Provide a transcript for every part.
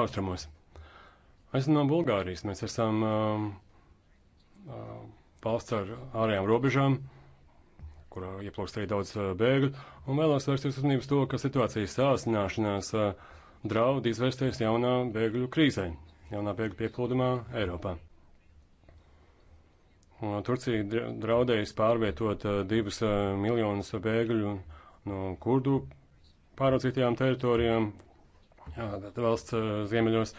austrumos. Esmu no Bulgārijas. Mēs esam um, um, valsts ar ārējām robežām, kurā ieplūst arī daudz uh, bēgļu, un vēlos vērst jūsu uzmanību to, ka situācijas sāsināšanās uh, draud izvērsties jaunā bēgļu krīzē, jaunā bēgļu pieplūdumā Eiropā. Un uh, Turcija draudējas pārvietot uh, divus uh, miljonus bēgļu no kurdu pāraudzītajām teritorijām, Jā, tad valsts ziemeļos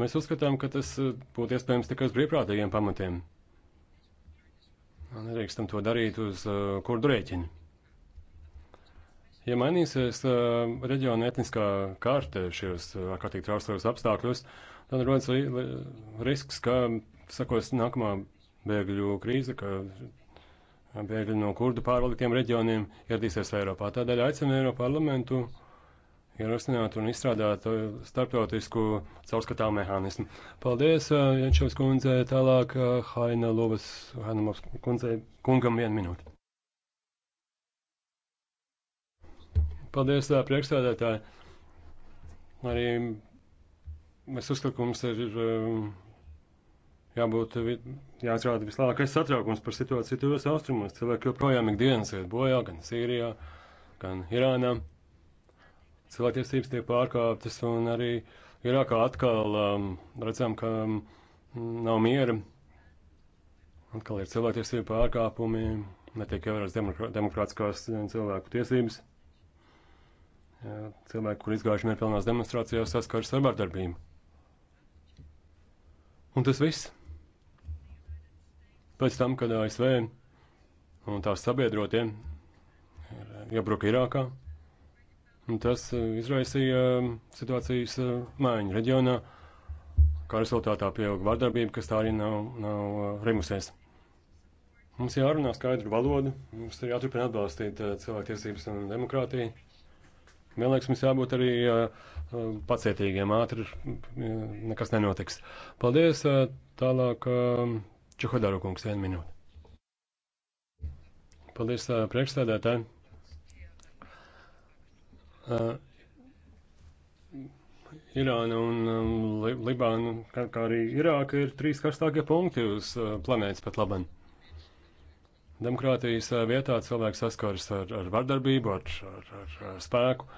mēs uzskatām, ka tas būtu iespējams tikai uz brīvprātīgiem pamatiem. Nedrīkstam to darīt uz uh, kurdu rēķinu. Ja mainīsies uh, reģiona etniskā kārta šajos ārkārtīgi uh, trauslajos apstākļos, tad rodas li, li, risks, ka sakos nākamā bēgļu krīze, ka bēgļi no kurdu pārvaldītiem reģioniem ieradīsies Eiropā. Tādēļ aicinu Eiropa parlamentu uh, ierosināt un izstrādāt uh, starptautisku caurskatām mehānismu. Paldies, uh, Jančevs kundze, tālāk uh, Haina Lovas, Haina Lovas kundze, kungam vienu minūti. Paldies, priekšstādētāji. Arī es uzskatu, ka mums ir um, jābūt, jāatrāda vislielākais satraukums par situāciju tuvos austrumos. Cilvēki joprojām ikdienas iet bojā, gan Sīrijā, gan Irānā cilvēktiesības tiek pārkāptas, un arī Irākā atkal um, redzam, ka um, nav miera. Atkal ir cilvēktiesību pārkāpumi, netiek ievērotas demokr demokrātiskās um, cilvēku tiesības. Jā, cilvēki, kur izgājuši mierpilnās demonstrācijās, saskaras ar vardarbību. Un tas viss. Pēc tam, kad ASV un tās sabiedrotie ir iebruka Irākā, Un tas e, izraisīja situācijas e, maiņu reģionā, kā rezultātā pieauga vardarbība, kas tā arī nav, nav e, rimusēs. Mums jārunā skaidru valodu, mums ir jāturpina atbalstīt cilvēktiesības un demokrātiju. Man liekas, mums jābūt arī pacietīgiem, ātri nekas nenotiks. Paldies, tālāk Čuhodaru kungs, vienu minūti. Paldies priekšstādētāji uh, Irāna un um, li Libāna, kā, kā arī Irāka, ir trīs karstākie punkti uz uh, planētas pat laban. Demokrātijas uh, vietā cilvēks saskaras ar, ar vardarbību, ar, ar, ar, ar spēku.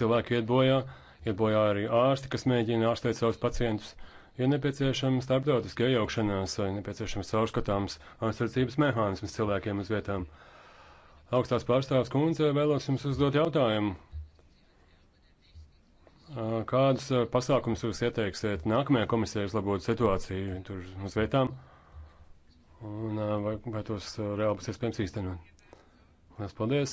Cilvēki iet bojā, iet bojā arī ārsti, kas mēģina ārstēt savus pacientus. Ir nepieciešama starptautiska iejaukšanās, ir nepieciešams caurskatāms aizsardzības mehānisms cilvēkiem uz vietām. Uh, Augstās pārstāvs kundze vēlos jums uzdot jautājumu. Kādas pasākums jūs ieteiksiet nākamajā komisijā uzlabot situāciju tur uz vietām? Un vai, vai tos reāli būs iespējams īstenot? Lielas paldies!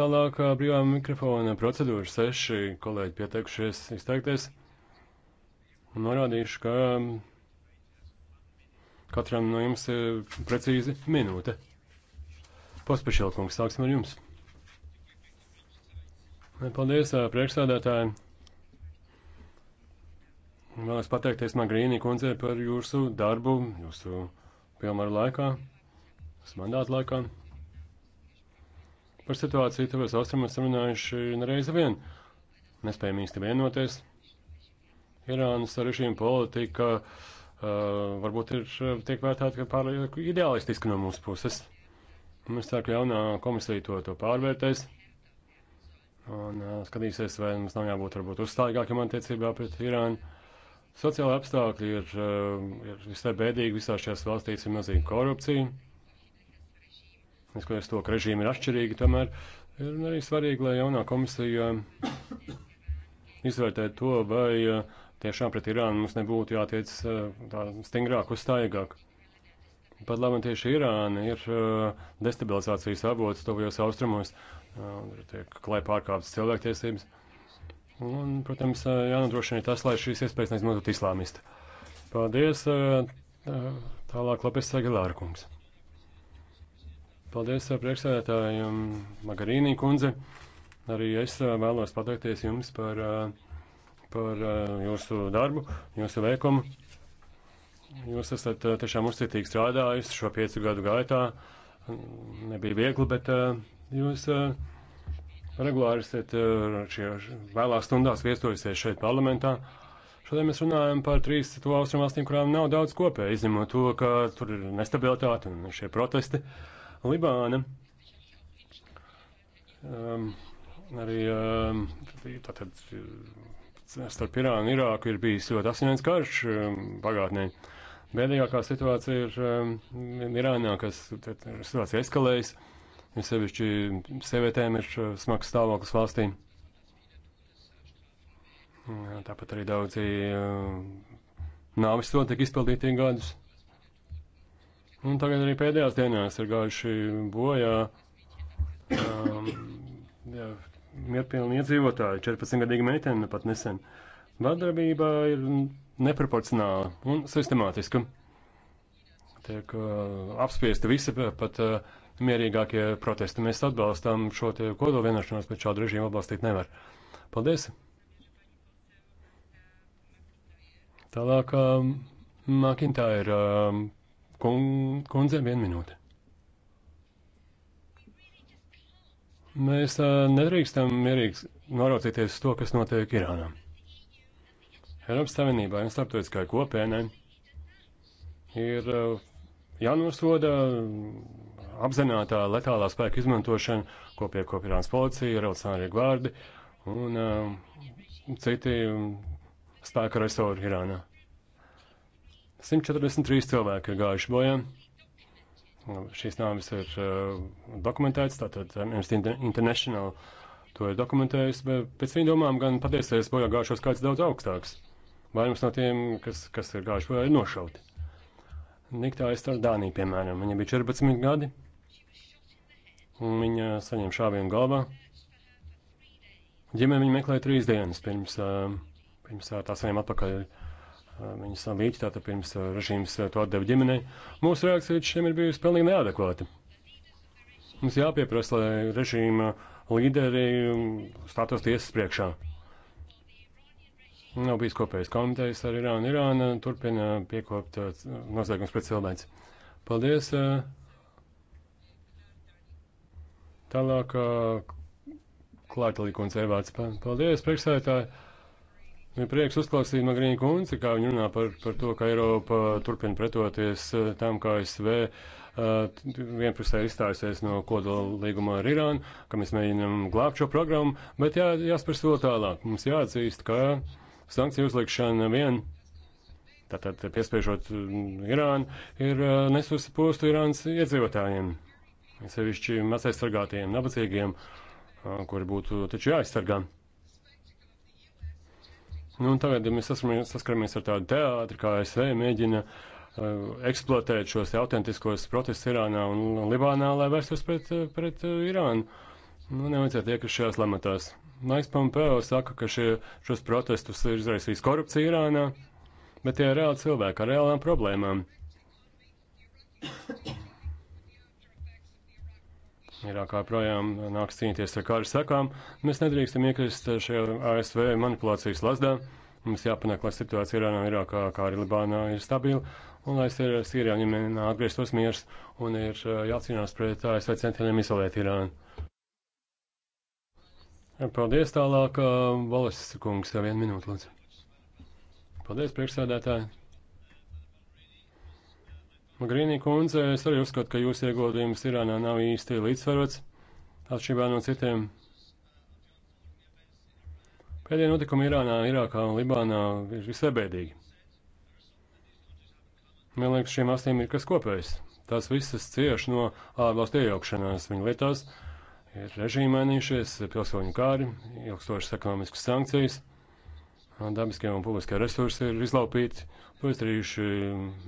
Tālāk brīvā mikrofona procedūra seši kolēģi pieteikušies izteikties. Norādīšu, ka Katram no jums ir precīzi minūte. Pospešilkungs, sāksim ar jums. Paldies, priekšsādātāji. Vēlos pateikties Magrīnī kundzei par jūsu darbu, jūsu pilnvaru laikā, jūsu mandātu laikā. Par situāciju tuvējos austrumos runājuši nereizi vien. Nespējam īsti vienoties. Irānas režīma politika uh, Uh, varbūt ir, uh, tiek vērtēti, ka pārlieku ideālistiski no mūsu puses. Un es ceru, ka jaunā komisija to, to pārvērtēs un uh, skatīsies, vai mums nav jābūt varbūt uzstājīgākiem attiecībā pret Irānu. Sociāla apstākļi ir, uh, ir visai bēdīgi, visās šajās valstīs ir milzīga korupcija. Neskatoties to, ka režīmi ir atšķirīgi, tomēr ir arī svarīgi, lai jaunā komisija izvērtētu to, vai uh, tiešām pret Irānu mums nebūtu jātiec eh, tā stingrāk uz staigāk. Pat labi, tieši Irāna ir eh, destabilizācijas avots tuvajos austrumos, eh, tiek klai pārkāptas cilvēktiesības. Un, protams, jānodrošina tas, lai šīs iespējas neizmantot islāmisti. Paldies, tālāk Lapis Sagilāra kungs. Paldies priekšsēdētājiem um, Magarīnī kundze. Arī es vēlos pateikties jums par uh, par eh, jūsu darbu, jūsu veikumu. Jūs esat eh, tiešām uzticīgi strādājis šo piecu gadu gaitā. Nebija viegli, bet eh, jūs regulāri esat vēlās stundās viestojusies šeit parlamentā. Šodien mēs runājam par trīs to austrumu valstīm, kurām nav daudz kopēja, izņemot to, ka tur ir nestabilitāte un šie protesti. Libāna. Um, arī um, tātad starp Irānu un Irāku ir bijis ļoti asins karš um, pagātnē. Bēdīgākā situācija ir um, Irānā, kas ir situācija eskalējas, ir sevišķi sievietēm ir uh, smags stāvoklis valstī. Tāpat arī daudzi um, nāvis to tik izpildīti gadus. Un tagad arī pēdējās dienās ir gājuši bojā. Um, mierpilni iedzīvotāji, 14-gadīga meitene pat nesen. Vardarbība ir neproporcionāla un sistemātiska. Tiek uh, apspiesti visi pat uh, mierīgākie protesti. Mēs atbalstām šo kodola vienošanos, bet šādu režīmu atbalstīt nevar. Paldies! Tālāk, uh, Makintāja ir um, uh, kundze, viena minūte. Mēs uh, nedrīkstam mierīgi noraucīties uz to, kas notiek Irānā. Eiropas Savienībai un starptautiskai kopienai ir uh, jānosoda apzinātā letālā spēka izmantošana, ko piekop Irānas policija, Revolucionārie gvardi un uh, citi spēka resori Irānā. 143 cilvēki ir gājuši bojā. Šīs nāvis ir uh, dokumentētas, tātad Amnesty International to ir dokumentējusi, bet pēc viņu domām gan patiesais bojā gājušo skaits daudz augstāks. Vairums no tiem, kas, kas ir gājuši bojā, ir nošauti. Niktā aizstāv Dāniju, piemēram. Viņa bija 14 gadi, un viņa saņem šāvienu galvā. Ģimene viņu meklēja trīs dienas pirms, uh, pirms uh, tā saņem atpakaļ uh, viņas savīķi, tātad pirms režīms to atdeva ģimenei. Mūsu reakcija līdz šim ir bijusi pilnīgi neadekvāta. Mums jāpieprasa, lai režīma līderi stātos tiesas priekšā. Nav bijis kopējais komitejas ar Irānu. Irāna turpina piekopt noziegums pret cilvēci. Paldies. Tālāk klāta līkums evāts. Paldies, priekšsētāji. Man prieks uzklausīt Magrīnu Kunci, kā viņa runā par, par to, ka Eiropa turpina pretoties eh, tam, kā ASV eh, vienpusē izstājusies no kodola līguma ar Irānu, ka mēs mēģinām glābt šo programmu, bet jā, jāspēr soli tālāk. Mums jāatzīst, ka sankciju uzlikšana vien, tātad piespiežot mm, Irānu, ir eh, nesusi postu Irānas iedzīvotājiem, sevišķi mazaizsargātiem, nabadzīgiem, kuri būtu taču jāaizsargā. Nu, tagad mēs saskaramies ar tādu teātri, kā ASV mēģina uh, eksploatēt šos autentiskos protestus Irānā un Libānā, lai vērstos pret, uh, pret uh, Irānu. Nu, nevajadzētu iekļūt šajās lamatās. Maiks Pompeo saka, ka šie, šos protestus ir izraisījis korupcija Irānā, bet tie ir reāli cilvēki ar reālām problēmām. Irākā projām nāks cīnīties ar kāru sekām. Mēs nedrīkstam iekrist šajā ASV manipulācijas lasdā. Mums jāpanāk, lai situācija Irānā, Irākā, kā arī Libānā ir stabila, un lai Sīrijā ņemienā atgrieztos miers, un ir eh, jācīnās pret ASV centieniem izolēt Irānu. Paldies tālāk, eh, Valesis kungs, vienu minūtu, lūdzu. Paldies, priekšsēdētāji! Magrīnī kundze, es arī uzskatu, ka jūsu ieguldījums Irānā nav īsti līdzsvarots, atšķirībā no citiem. Pēdējie notikumi Irānā, Irākā un Libānā ir visabēdīgi. Man liekas, šīm valstīm ir kas kopējs. Tās visas cieš no ārvalstu iejaukšanās viņu lietās, ir režīmi mainījušies, pilsoņu kāri, ilgstošas ekonomiskas sankcijas dabiskie un publiskie resursi ir izlaupīti. To izdarījuši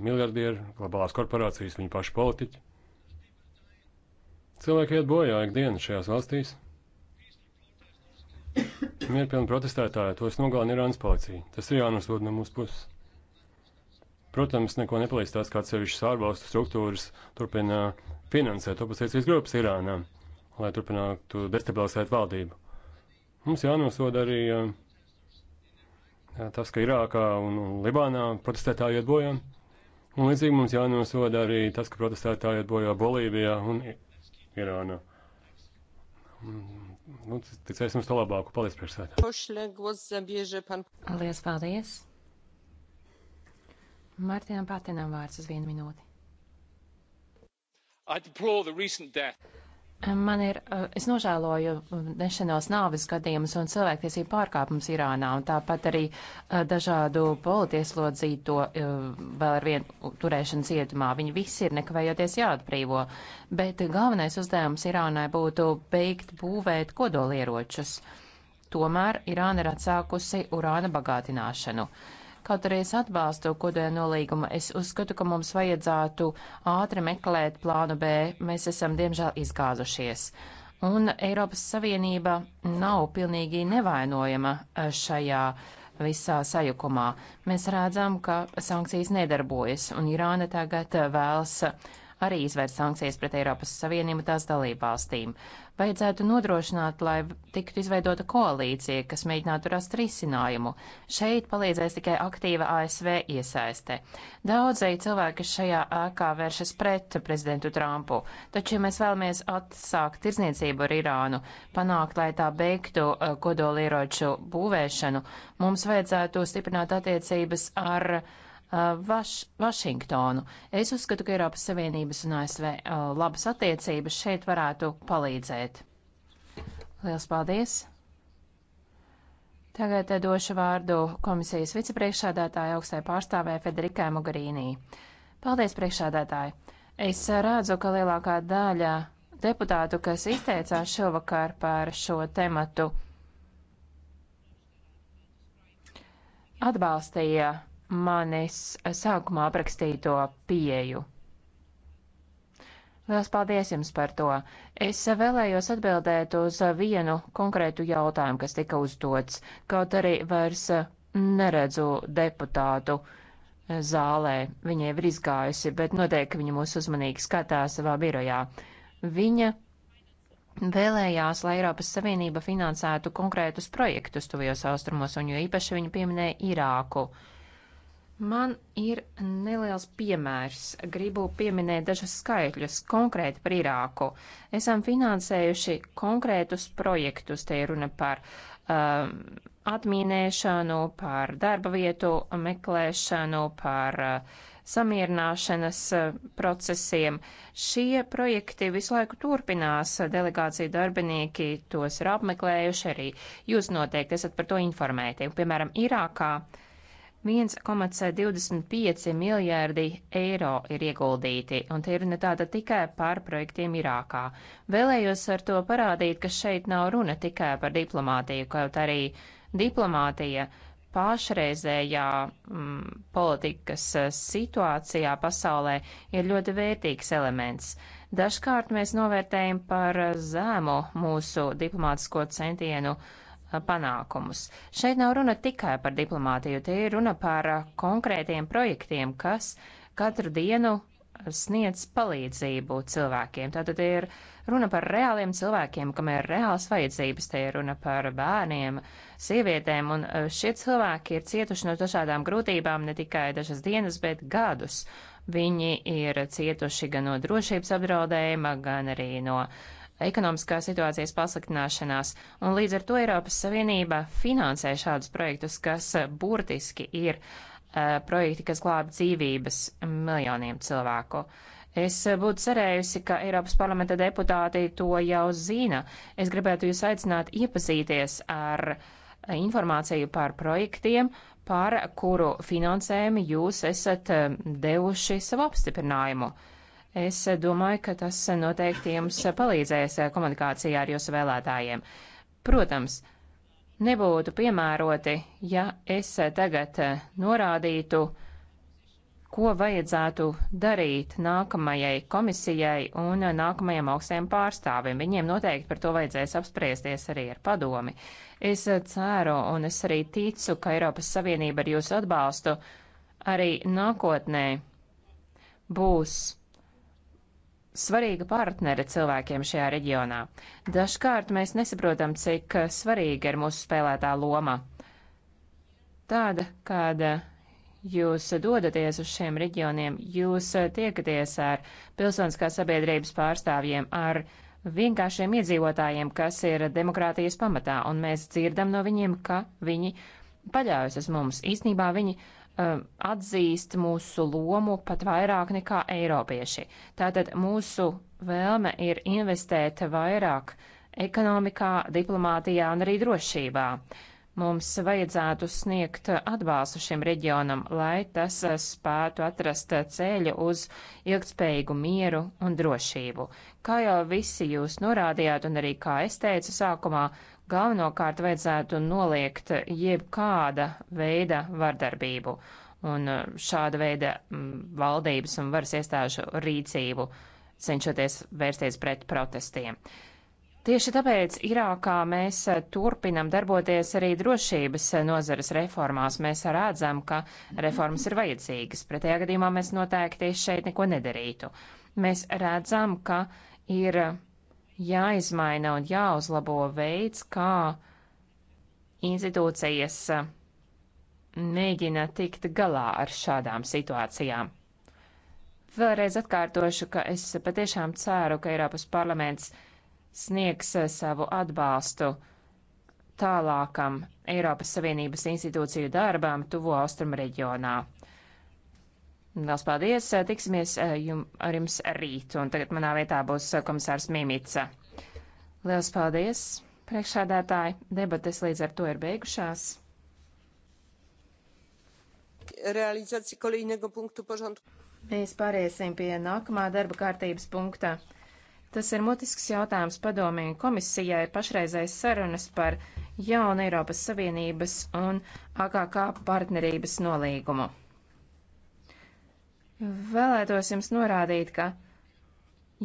miljardieri, globālās korporācijas, viņu pašu politiķi. Cilvēki iet bojā ikdienas šajās valstīs. Mierpilni protestētāji tos nogalina Irānas policija. Tas ir jānosod no mūsu puses. Protams, neko nepalīdz tās, kā atsevišķas ārvalstu struktūras turpina finansēt opozīcijas grupas Irānā, lai turpinātu destabilizēt valdību. Mums jānosoda arī uh, tas, ka Irākā un Libānā protestētāji iet bojā. Un līdzīgi mums jānosoda arī tas, ka protestētāji iet bojā Bolīvijā un Irānā. Nu, ticēsim uz to labāku. Paldies, priekšsēdētāji. Lielas paldies. Martinam Patinam vārds uz vienu minūti. Man ir, eh, es nožēloju mm, nešanos nāves gadījumus un cilvēktiesību pārkāpumus Irānā, un tāpat arī eh, dažādu politieslodzīto eh, vēl ar vienu turēšanu cietumā. Viņi visi ir nekavējoties jāatbrīvo, bet galvenais uzdevums Irānai būtu beigt būvēt kodolieročus. Tomēr Irāna ir atsākusi urāna bagātināšanu. Uh, Kaut arī es atbalstu kodēļ nolīgumu, es uzskatu, ka mums vajadzētu ātri meklēt plānu B. Mēs esam, diemžēl, izgāzušies. Un Eiropas Savienība nav pilnīgi nevainojama e, šajā visā sajukumā. Mēs redzam, ka sankcijas nedarbojas, un Irāna tagad e, vēlas arī izvērst sankcijas pret Eiropas Savienību tās dalībvalstīm. Vajadzētu nodrošināt, lai tiktu izveidota koalīcija, kas mēģinātu rast risinājumu. Šeit palīdzēs tikai aktīva ASV iesaiste. Daudzēji cilvēki šajā ēkā vēršas pret prezidentu Trumpu, taču, ja mēs vēlamies atsākt tirzniecību ar Irānu, panākt, lai tā beigtu uh, kodolieroču būvēšanu, mums vajadzētu stiprināt attiecības ar uh, Uh, Vaš, Vašingtonu. Es uzskatu, ka Eiropas Savienības un ASV uh, labas attiecības šeit varētu palīdzēt. Lielas paldies! Tagad uh, došu vārdu komisijas vicepriekšādātāja augstai pārstāvē Federikai Mogarīnī. Paldies, priekšādātāji! Es redzu, ka lielākā daļa deputātu, kas izteicās šovakar par šo tematu, atbalstīja manis sākumā aprakstīto pieju. Lielas paldies jums par to. Es vēlējos atbildēt uz vienu konkrētu jautājumu, kas tika uzdots, kaut arī vairs neredzu deputātu zālē. Viņa jau ir izgājusi, bet noteikti viņa mūs uzmanīgi skatās savā birojā. Viņa vēlējās, lai Eiropas Savienība finansētu konkrētus projektus tuvajos austrumos, un jo īpaši viņa pieminēja Irāku. Uh, Man ir neliels piemērs. Gribu pieminēt dažus skaitļus konkrēti par Irāku. Esam finansējuši konkrētus projektus. Te ir runa par um, atmīnēšanu, par darba vietu meklēšanu, par uh, samierināšanas uh, procesiem. Šie projekti visu laiku turpinās. Delegācija darbinieki tos ir apmeklējuši arī. Jūs noteikti esat par to informēti. Piemēram, Irākā. Uh, 1,25 miljārdi eiro ir ieguldīti, un tie ir ne tāda tikai par projektiem Irākā. Vēlējos ar to parādīt, ka šeit nav runa tikai par diplomātiju, kaut arī diplomātija pašreizējā mm, politikas eh, situācijā pasaulē ir ļoti vērtīgs elements. Dažkārt mēs novērtējam par eh, zēmu mūsu diplomātisko centienu uh, panākumus. Šeit nav runa tikai par diplomātiju, tie ir runa par uh, konkrētiem projektiem, kas katru dienu sniedz palīdzību cilvēkiem. Tātad ir runa par reāliem cilvēkiem, kam ir reāls vajadzības, te ir runa par bērniem, sievietēm, un uh, šie cilvēki ir cietuši no dažādām grūtībām ne tikai dažas dienas, bet gadus. Viņi ir cietuši gan no drošības apdraudējuma, gan arī no ekonomiskās situācijas pasliktināšanās, un līdz ar to Eiropas Savienība finansē šādus projektus, kas eh, burtiski ir uh, projekti, kas glāb dzīvības miljoniem cilvēku. Es eh, būtu cerējusi, ka Eiropas parlamenta deputāti to jau zina. Es gribētu jūs aicināt iepazīties ar informāciju par projektiem, par kuru finansējumu jūs esat devuši savu apstiprinājumu. Uh, Es domāju, ka tas noteikti jums palīdzēs komunikācijā ar jūsu vēlētājiem. Protams, nebūtu piemēroti, ja es tagad norādītu, ko vajadzētu darīt nākamajai komisijai un nākamajam augstajam pārstāvim. Viņiem noteikti par to vajadzēs apspriesties arī ar padomi. Es ceru un es arī ticu, ka Eiropas Savienība ar jūsu atbalstu arī nākotnē būs svarīga partnere cilvēkiem šajā reģionā. Dažkārt mēs nesaprotam, cik svarīga ir mūsu spēlētā loma. Tāda, kāda jūs dodaties uz šiem reģioniem, jūs tiekaties ar pilsoniskās sabiedrības pārstāvjiem, ar vienkāršiem iedzīvotājiem, kas ir demokrātijas pamatā, un mēs dzirdam no viņiem, ka viņi paļaujas uz mums. Īsnībā viņi uh, Um, atzīst mūsu lomu pat vairāk nekā eiropieši. Tātad mūsu vēlme ir investēt vairāk ekonomikā, diplomātijā un arī drošībā. Mums vajadzētu sniegt atbalstu šim reģionam, lai tas spētu atrast ceļu uz ilgspējīgu mieru un drošību. Kā jau visi jūs norādījāt, un arī kā es teicu sākumā, galvenokārt vajadzētu noliegt jebkāda veida vardarbību un uh, šāda veida mm, valdības un varas iestāžu rīcību, cenšoties vērsties pret protestiem. Tieši tāpēc Irākā mēs uh, turpinam darboties arī drošības uh, nozares reformās. Mēs redzam, ka reformas ir vajadzīgas, pretējā gadījumā mēs noteikti šeit neko nedarītu. Mēs redzam, ka ir jāizmaina un jāuzlabo veids, kā institūcijas uh, mēģina tikt galā ar šādām situācijām. Vēlreiz atkārtošu, ka es patiešām ceru, ka Eiropas parlaments sniegs uh, savu atbalstu tālākam Eiropas Savienības institūciju darbām tuvo austrumu reģionā. Liels paldies! Tiksimies eh, jum, ar jums rīt, un tagad manā vietā būs eh, komisārs Mimica. Liels paldies, priekšādātāji! Debates līdz ar to ir beigušās. Realizācija kolīnego punktu pažantu. Mēs pāriesim pie nākamā darba kārtības punktā. Tas ir mutisks jautājums padomēju komisijai pašreizais sarunas par jaunu Eiropas Savienības un AKK partnerības nolīgumu. Vēlētos jums norādīt, ka,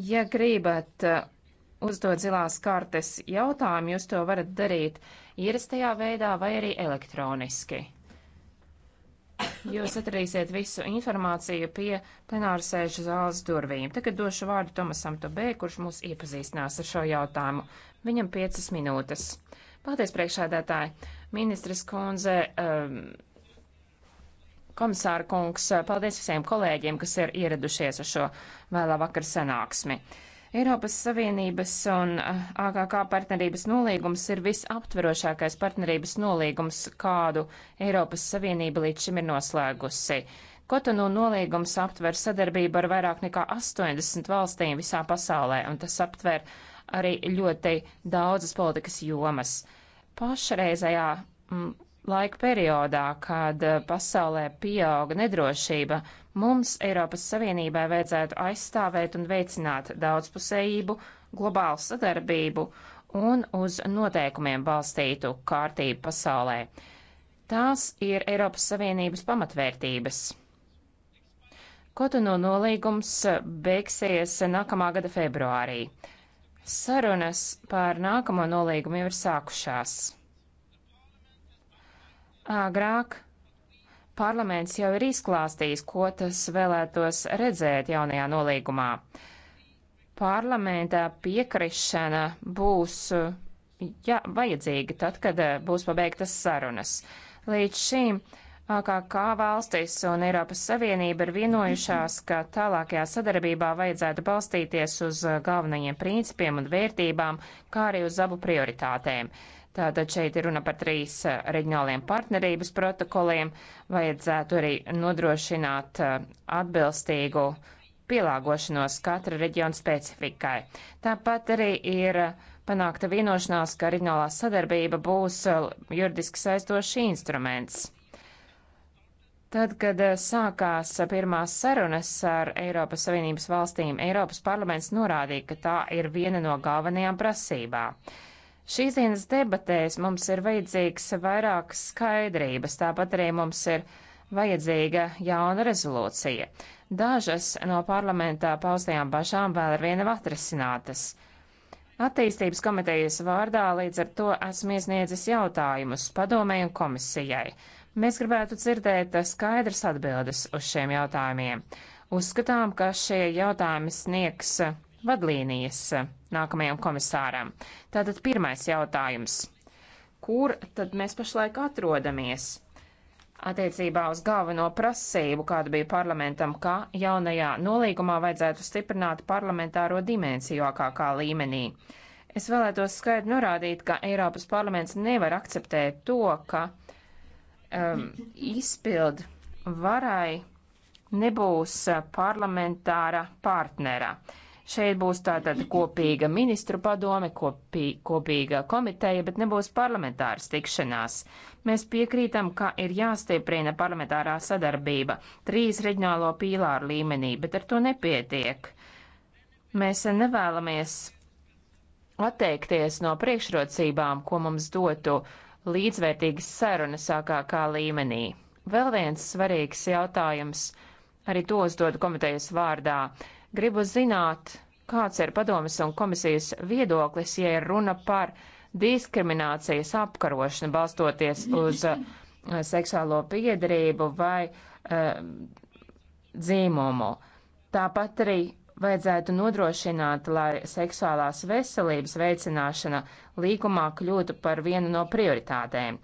ja gribat uh, uzdot zilās kartes jautājumu, jūs to varat darīt ierastajā veidā vai arī elektroniski. Jūs atradīsiet visu informāciju pie plenāra sēžu zāles durvīm. Tagad došu vārdu Tomasam Tobē, kurš mūs iepazīstinās ar šo jautājumu. Viņam piecas minūtes. Paldies, priekšādātāji! Ministres kundze, um, Komisāra kungs, paldies visiem kolēģiem, kas ir ieradušies uz šo vēlā vakara sanāksmi. Eiropas Savienības un eh, AKK partnerības nolīgums ir visaptverošākais partnerības nolīgums, kādu Eiropas Savienība līdz šim ir noslēgusi. Kotonu nolīgums aptver sadarbību ar vairāk nekā 80 valstīm visā pasaulē, un tas aptver arī ļoti daudzas politikas jomas. Pašreizējā mm, laika periodā, kad eh, pasaulē pieauga nedrošība, mums Eiropas Savienībai vajadzētu aizstāvēt un veicināt daudzpusējību, globālu sadarbību un uz noteikumiem balstītu kārtību pasaulē. Tās ir Eiropas Savienības pamatvērtības. Kotono nolīgums eh, beigsies nākamā gada februārī. Sarunas par nākamo nolīgumu jau ir sākušās. Agrāk parlaments jau ir izklāstījis, ko tas vēlētos redzēt jaunajā nolīgumā. Parlamentā piekrišana būs jā, vajadzīga tad, kad būs pabeigtas sarunas. Līdz šim uh, AKK valstis un Eiropas Savienība ir vienojušās, ka tālākajā sadarbībā vajadzētu balstīties uz galvenajiem principiem un vērtībām, kā arī uz abu prioritātēm. Tātad šeit ir runa par trīs reģionāliem partnerības protokoliem. Vajadzētu arī nodrošināt atbilstīgu pielāgošanos katra reģiona specifikai. Tāpat arī ir panākta vienošanās, ka reģionālā sadarbība būs juridiski saistošs instruments. Tad, kad eh, sākās pirmās sarunas ar Eiropas Savienības valstīm, Eiropas parlaments norādīja, ka tā ir viena no galvenajām prasībām. Šīs dienas debatēs mums ir vajadzīgs vairāk skaidrības, tāpat arī mums ir vajadzīga jauna rezolūcija. Dažas no parlamentā paustajām bažām vēl ir viena atrisinātas. Attīstības komitejas vārdā līdz ar to esmu iesniedzis jautājumus padomēju komisijai Mēs gribētu dzirdēt skaidras atbildes uz šiem jautājumiem. Uzskatām, ka šie jautājumi sniegs vadlīnijas nākamajam komisāram. Tātad pirmais jautājums. Kur tad mēs pašlaik atrodamies? Attiecībā uz galveno prasību, kāda bija parlamentam, ka jaunajā nolīgumā vajadzētu stiprināt parlamentāro dimensiju akākā līmenī. Es vēlētos skaidri norādīt, ka Eiropas parlaments nevar akceptēt to, ka uh, um, izpildu varai nebūs uh, parlamentāra partnerā. Šeit būs tātad kopīga ministru padome, kopī, kopīga komiteja, bet nebūs parlamentāras tikšanās. Mēs piekrītam, ka ir jāstieprina parlamentārā sadarbība trīs reģionālo pīlāru līmenī, bet ar to nepietiek. Mēs nevēlamies atteikties no priekšrocībām, ko mums dotu uh, līdzvērtīgas sarunas sākākā līmenī. Vēl viens svarīgs jautājums, arī to uzdod komitejas vārdā. Gribu zināt, kāds ir padomas un komisijas viedoklis, ja ir runa par diskriminācijas apkarošanu balstoties uz uh, seksuālo piedarību vai uh, dzīmumu. Tāpat arī vajadzētu nodrošināt, lai seksuālās veselības veicināšana līgumā kļūtu par vienu no prioritātēm.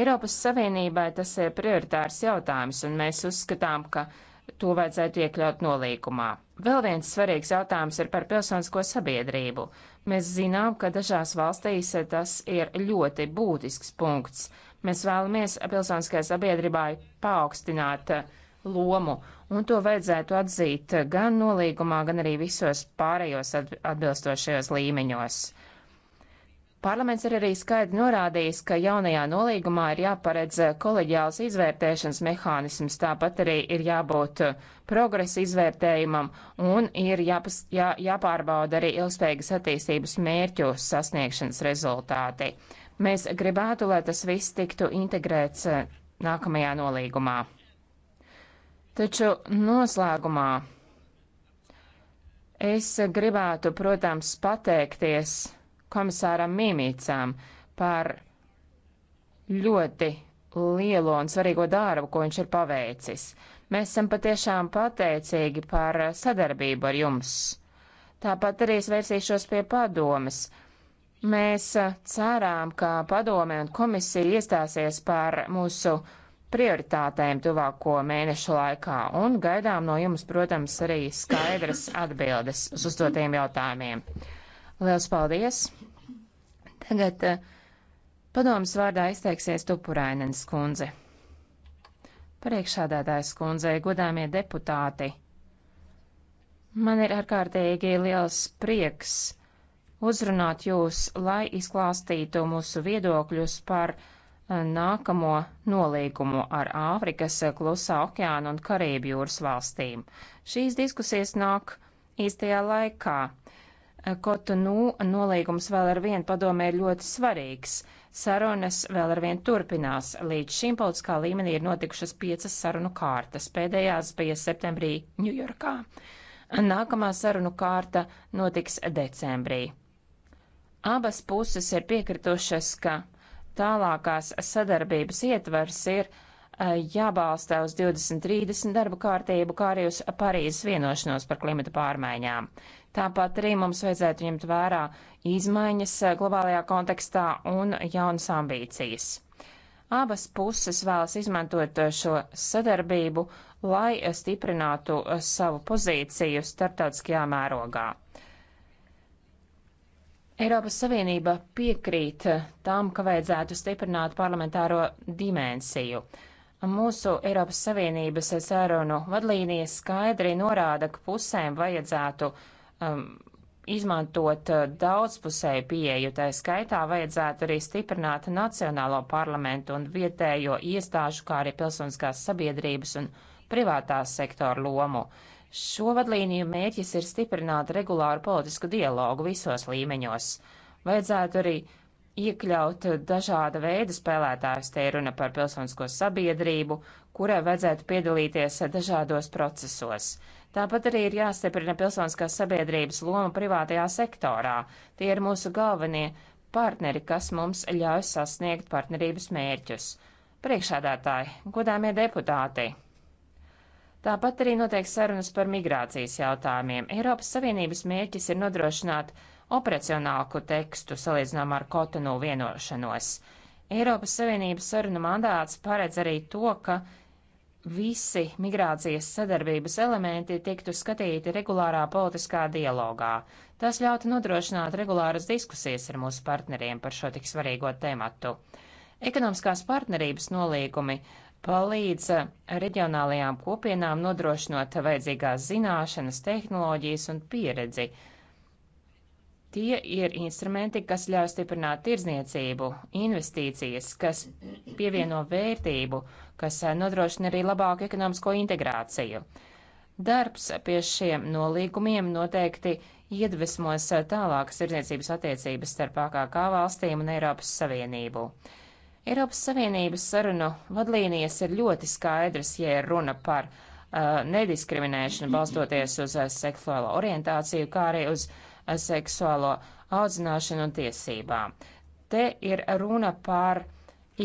Eiropas Savienībai tas ir prioritārs jautājums, un mēs uzskatām, ka to vajadzētu iekļaut nolīkumā. Vēl viens svarīgs jautājums ir par pilsonisko sabiedrību. Mēs zinām, ka dažās valstīs tas ir ļoti būtisks punkts. Mēs vēlamies pilsoniskajai sabiedrībai paaugstināt uh, lomu, un to vajadzētu atzīt gan nolīgumā, gan arī visos pārējos atbilstošajos līmeņos. Parlaments ir arī skaidri norādījis, ka jaunajā nolīgumā ir jāparedz koleģiāls izvērtēšanas mehānisms, tāpat arī ir jābūt progresa izvērtējumam un ir jāpas, jā, jāpārbauda arī ilgspējīgas attīstības mērķu sasniegšanas rezultāti. Mēs gribētu, lai tas viss tiktu integrēts eh, nākamajā nolīgumā. Taču noslēgumā es gribētu, protams, pateikties komisāram Mīmīcām par ļoti lielo un svarīgo darbu, ko viņš ir paveicis. Mēs esam patiešām pateicīgi par sadarbību ar jums. Tāpat arī es vērsīšos pie padomes. Mēs cerām, ka padome un komisija iestāsies par mūsu prioritātēm tuvāko mēnešu laikā un gaidām no jums, protams, arī skaidras atbildes uz uzdotiem jautājumiem. Liels paldies! Tagad eh, padomas vārdā izteiksies Tupurainens kundze. Priekšādātājs kundzei, godāmie deputāti, man ir ārkārtīgi liels prieks uzrunāt jūs, lai izklāstītu mūsu viedokļus par nākamo nolīgumu ar Āfrikas, Klusā okeāna un Karību jūras valstīm. Šīs diskusijas nāk īstajā laikā. Kotonu nolīgums vēl ar vienu padomē ir ļoti svarīgs. Sarunas vēl ar vienu turpinās. Līdz šim politiskā līmenī ir notikušas piecas sarunu kārtas. Pēdējās bija septembrī Ņujorkā. Nākamā sarunu kārta notiks decembrī. Abas puses ir piekritušas, ka tālākās sadarbības ietvers ir eh, jābalstā uz 2030 darba kārtību, kā arī uz Parīzes vienošanos par klimata pārmaiņām. Tāpat arī mums vajadzētu ņemt vērā izmaiņas eh, globālajā kontekstā un jaunas ambīcijas. Abas puses vēlas izmantot eh, šo sadarbību, lai stiprinātu savu pozīciju starptautiskajā mērogā. Eiropas Savienība piekrīt tam, ka vajadzētu stiprināt parlamentāro dimensiju. Mūsu Eiropas Savienības sarunu vadlīnijas skaidri norāda, ka pusēm vajadzētu um, izmantot uh, daudzpusēju pieeju, tā skaitā vajadzētu arī stiprināt Nacionālo parlamentu un vietējo iestāžu, kā arī pilsoniskās sabiedrības un privātās sektora lomu. Uh, Šo vadlīniju mērķis ir stiprināt regulāru politisku dialogu visos līmeņos. Vajadzētu arī iekļaut dažāda veida spēlētājus, te ir runa par pilsonisko sabiedrību, kurai vajadzētu piedalīties dažādos procesos. Tāpat arī ir jāstiprina pilsoniskās sabiedrības loma privātajā sektorā. Tie ir mūsu galvenie partneri, kas mums ļauj sasniegt partnerības mērķus. Priekšādātāji, godāmie deputāti! Tāpat arī notiek sarunas par migrācijas jautājumiem. Eiropas Savienības mērķis ir nodrošināt operacionālāku tekstu salīdzinām ar Kotonu vienošanos. Eiropas Savienības saruna mandāts paredz arī to, ka visi migrācijas sadarbības elementi tiktu skatīti regulārā politiskā dialogā. Tas ļautu nodrošināt regulāras diskusijas ar mūsu partneriem par šo tik svarīgo tematu. Ekonomiskās partnerības nolīgumi uh, palīdz reģionālajām kopienām nodrošinot vajadzīgās zināšanas, tehnoloģijas un pieredzi. Tie ir instrumenti, kas ļauj stiprināt tirzniecību, investīcijas, kas pievieno vērtību, kas nodrošina arī labāku ekonomisko integrāciju. Darbs pie šiem nolīgumiem noteikti iedvesmos tālākas tirdzniecības attiecības starp AKK valstīm un Eiropas Savienību. Eiropas Savienības sarunu vadlīnijas ir ļoti skaidras, ja ir runa par uh, nediskriminēšanu balstoties uz uh, seksuālo orientāciju, kā arī uz uh, seksuālo audzināšanu un tiesībām. Te ir runa par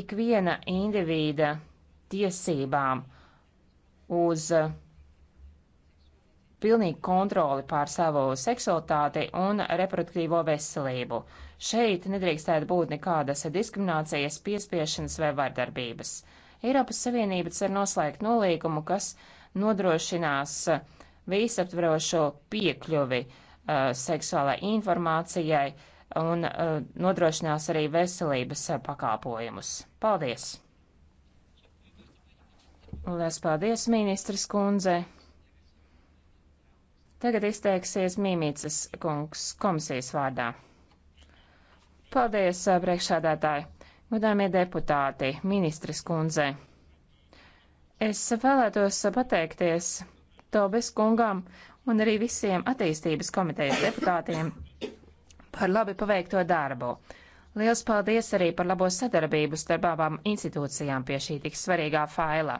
ikviena individa tiesībām uz uh, pilnīgu kontroli pār savu seksualitāti un reproduktīvo veselību. Šeit nedrīkstētu būt nekādas diskriminācijas, piespiešanas vai vardarbības. Eiropas Savienība cer noslēgt nolīgumu, kas nodrošinās visaptverošo piekļuvi uh, seksuālai informācijai un uh, nodrošinās arī veselības uh, pakāpojumus. Paldies! Lielas paldies, ministras kundze! Tagad izteiksies Mīmīcas kungs komisijas vārdā. Paldies, priekšādātāji, godāmie deputāti, ministres kundze. Es vēlētos pateikties Tobes kungam un arī visiem attīstības komitejas deputātiem par labi paveikto darbu. Liels paldies arī par labo sadarbību starp abām institūcijām pie šī tik svarīgā failā.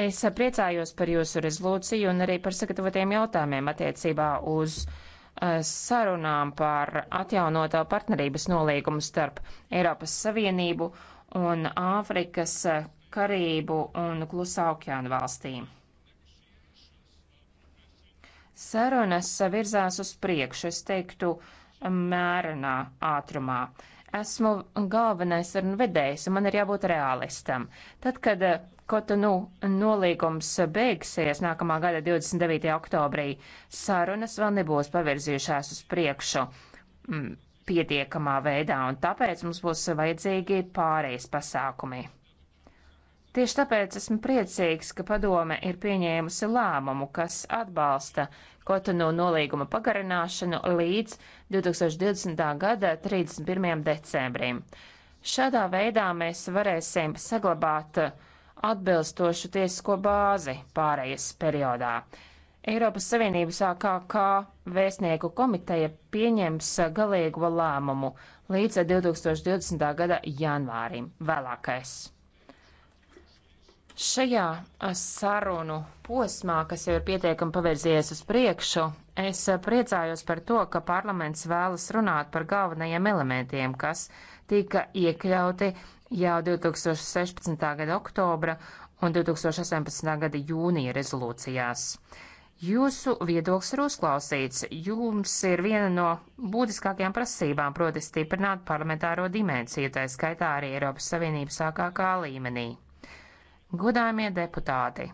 Es priecājos par jūsu rezolūciju un arī par sagatavotiem jautājumiem attiecībā uz eh, sarunām par atjaunoto partnerības nolīgumu starp Eiropas Savienību un Āfrikas, eh, Karību un Klusā okeāna valstīm. Sarunas virzās uz priekšu, es teiktu, mērenā ātrumā esmu galvenais sarunu vedējs, un man ir jābūt realistam. Tad, kad eh, Kotonu nolīgums beigsies nākamā gada 29. oktobrī, sarunas vēl nebūs pavirzījušās uz priekšu mm, pietiekamā veidā, un tāpēc mums būs vajadzīgi pārējais pasākumi. Tieši tāpēc esmu priecīgs, ka padome ir pieņēmusi lēmumu, kas atbalsta Kotonu nolīguma pagarināšanu līdz 2020. gada 31. decembrim. Šādā veidā mēs varēsim saglabāt atbilstošu tiesisko bāzi pārējas periodā. Eiropas Savienības AKK vēstnieku komiteja pieņems galīgo lēmumu līdz 2020. gada janvārim vēlākais. Šajā sarunu posmā, kas jau ir pietiekami pavērzies uz priekšu, es priecājos par to, ka parlaments vēlas runāt par galvenajiem elementiem, kas tika iekļauti jau 2016. gada oktobra un 2018. gada jūnija rezolūcijās. Jūsu viedoklis ir uzklausīts. Jums ir viena no būtiskākajām prasībām, proti stiprināt parlamentāro dimensiju, tā skaitā arī Eiropas Savienības sākākā līmenī. Godājumie deputāti!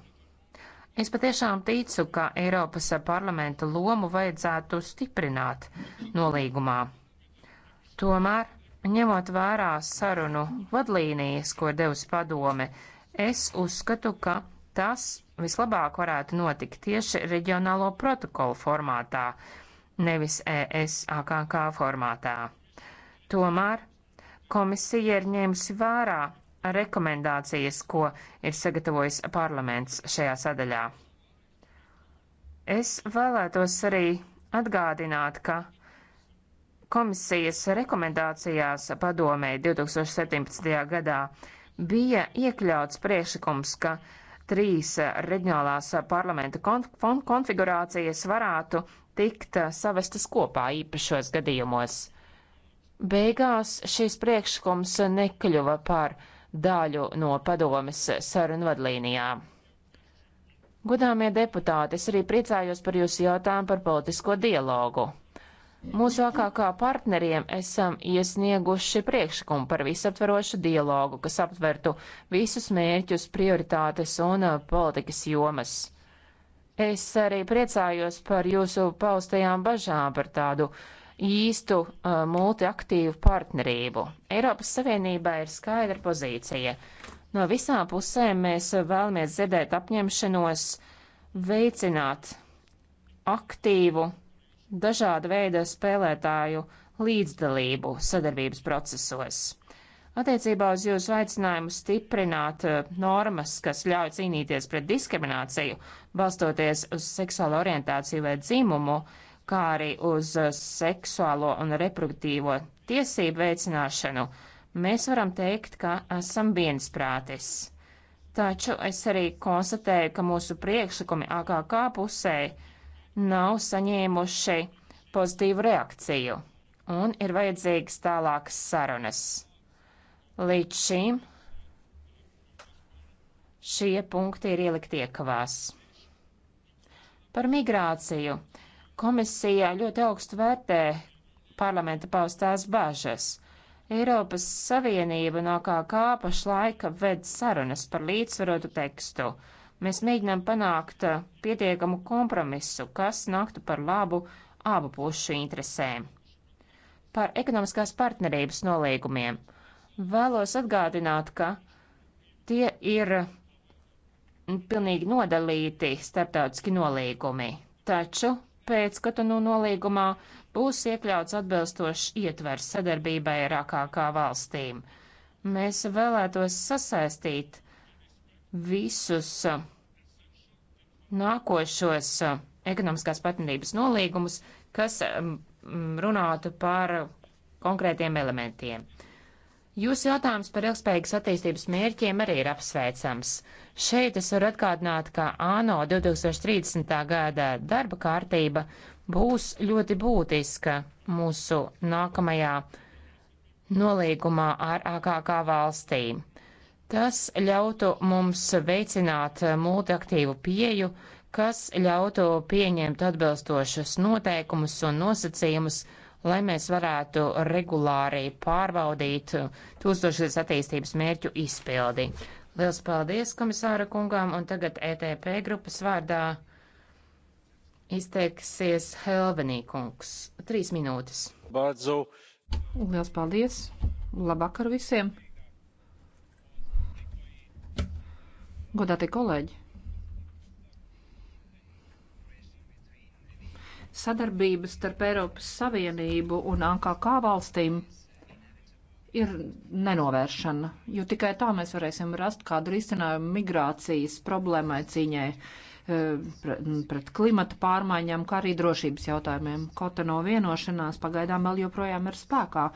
Es patiešām ticu, ka Eiropas parlamenta lomu vajadzētu stiprināt nolīgumā. Tomēr, ņemot vērā sarunu vadlīnijas, ko devusi padome, es uzskatu, ka tas vislabāk varētu notikt tieši reģionālo protokolu formātā, nevis ESAKK formātā. Tomēr komisija ir ņēmusi vērā rekomendācijas, ko ir sagatavojis parlaments šajā sadaļā. Es vēlētos arī atgādināt, ka komisijas rekomendācijās padomē 2017. gadā bija iekļauts priekšlikums, ka trīs reģionālās parlamenta konf konfigurācijas varētu tikt savestas kopā īpašos gadījumos. Beigās šis priekšlikums nekļuva par uh, daļu no padomes sarunu vadlīnijām. Godāmie deputāti, es arī priecājos par jūsu jautājumu par politisko dialogu. Mūsu AKK partneriem esam iesnieguši priekšlikumu par visaptverošu dialogu, kas aptvertu visus mērķus, prioritātes un uh, politikas jomas. Es arī priecājos par jūsu paustajām bažām par tādu uh, īstu uh, multiaktīvu partnerību. Eiropas Savienībā ir skaidra pozīcija. No visām pusēm mēs vēlamies dzirdēt apņemšanos veicināt aktīvu dažāda veida spēlētāju līdzdalību sadarbības procesos. Attiecībā uz jūsu aicinājumu stiprināt uh, normas, kas ļauj cīnīties pret diskrimināciju, balstoties uz seksuālo orientāciju vai dzimumu, uh, kā arī uz uh, seksuālo un reproduktīvo tiesību veicināšanu, mēs varam teikt, ka esam viensprātis. Taču es arī konstatēju, ka mūsu priekšlikumi AKK pusē nav saņēmuši pozitīvu reakciju un ir vajadzīgas tālākas sarunas. Līdz šim šie punkti ir ielikt iekavās. Par migrāciju. Komisija ļoti augstu vērtē parlamenta paustās bažas. Eiropas Savienība no KK pašlaika ved sarunas par līdzsvarotu tekstu. Mēs mēģinām panākt uh, pietiekamu kompromisu, kas nāktu par labu abu pušu interesēm. Par ekonomiskās partnerības nolīgumiem vēlos atgādināt, ka tie ir mm, pilnīgi nodalīti starptautiski nolīgumi, taču pēc Kotonu nolīgumā būs iekļauts atbilstošs ietvers sadarbībai ar AKK valstīm. Mēs vēlētos sasaistīt visus nākošos ekonomiskās partnerības nolīgumus, kas runātu par konkrētiem elementiem. Jūsu jautājums par ilgspējīgas attīstības mērķiem arī ir apsveicams. Šeit es varu atgādināt, ka ANO 2030. gada darba kārtība būs ļoti būtiska mūsu nākamajā nolīgumā ar AKK valstīm. Tas ļautu mums veicināt multiaktīvu pieju, kas ļautu pieņemt atbilstošus noteikumus un nosacījumus, lai mēs varētu regulāri pārbaudīt tūstošies attīstības mērķu izpildi. Liels paldies komisāra kungām, un tagad ETP grupas vārdā izteiksies Helvenī kungs. Trīs minūtes. Bādzu. Liels paldies. Labvakar visiem. Godātie kolēģi. sadarbības starp Eiropas Savienību un AKK valstīm ir nenovēršana, jo tikai tā mēs varēsim rast kādu risinājumu migrācijas problēmai cīņai eh, pret klimata pārmaiņām, kā arī drošības jautājumiem. Kotono vienošanās pagaidām vēl joprojām ir spēkā,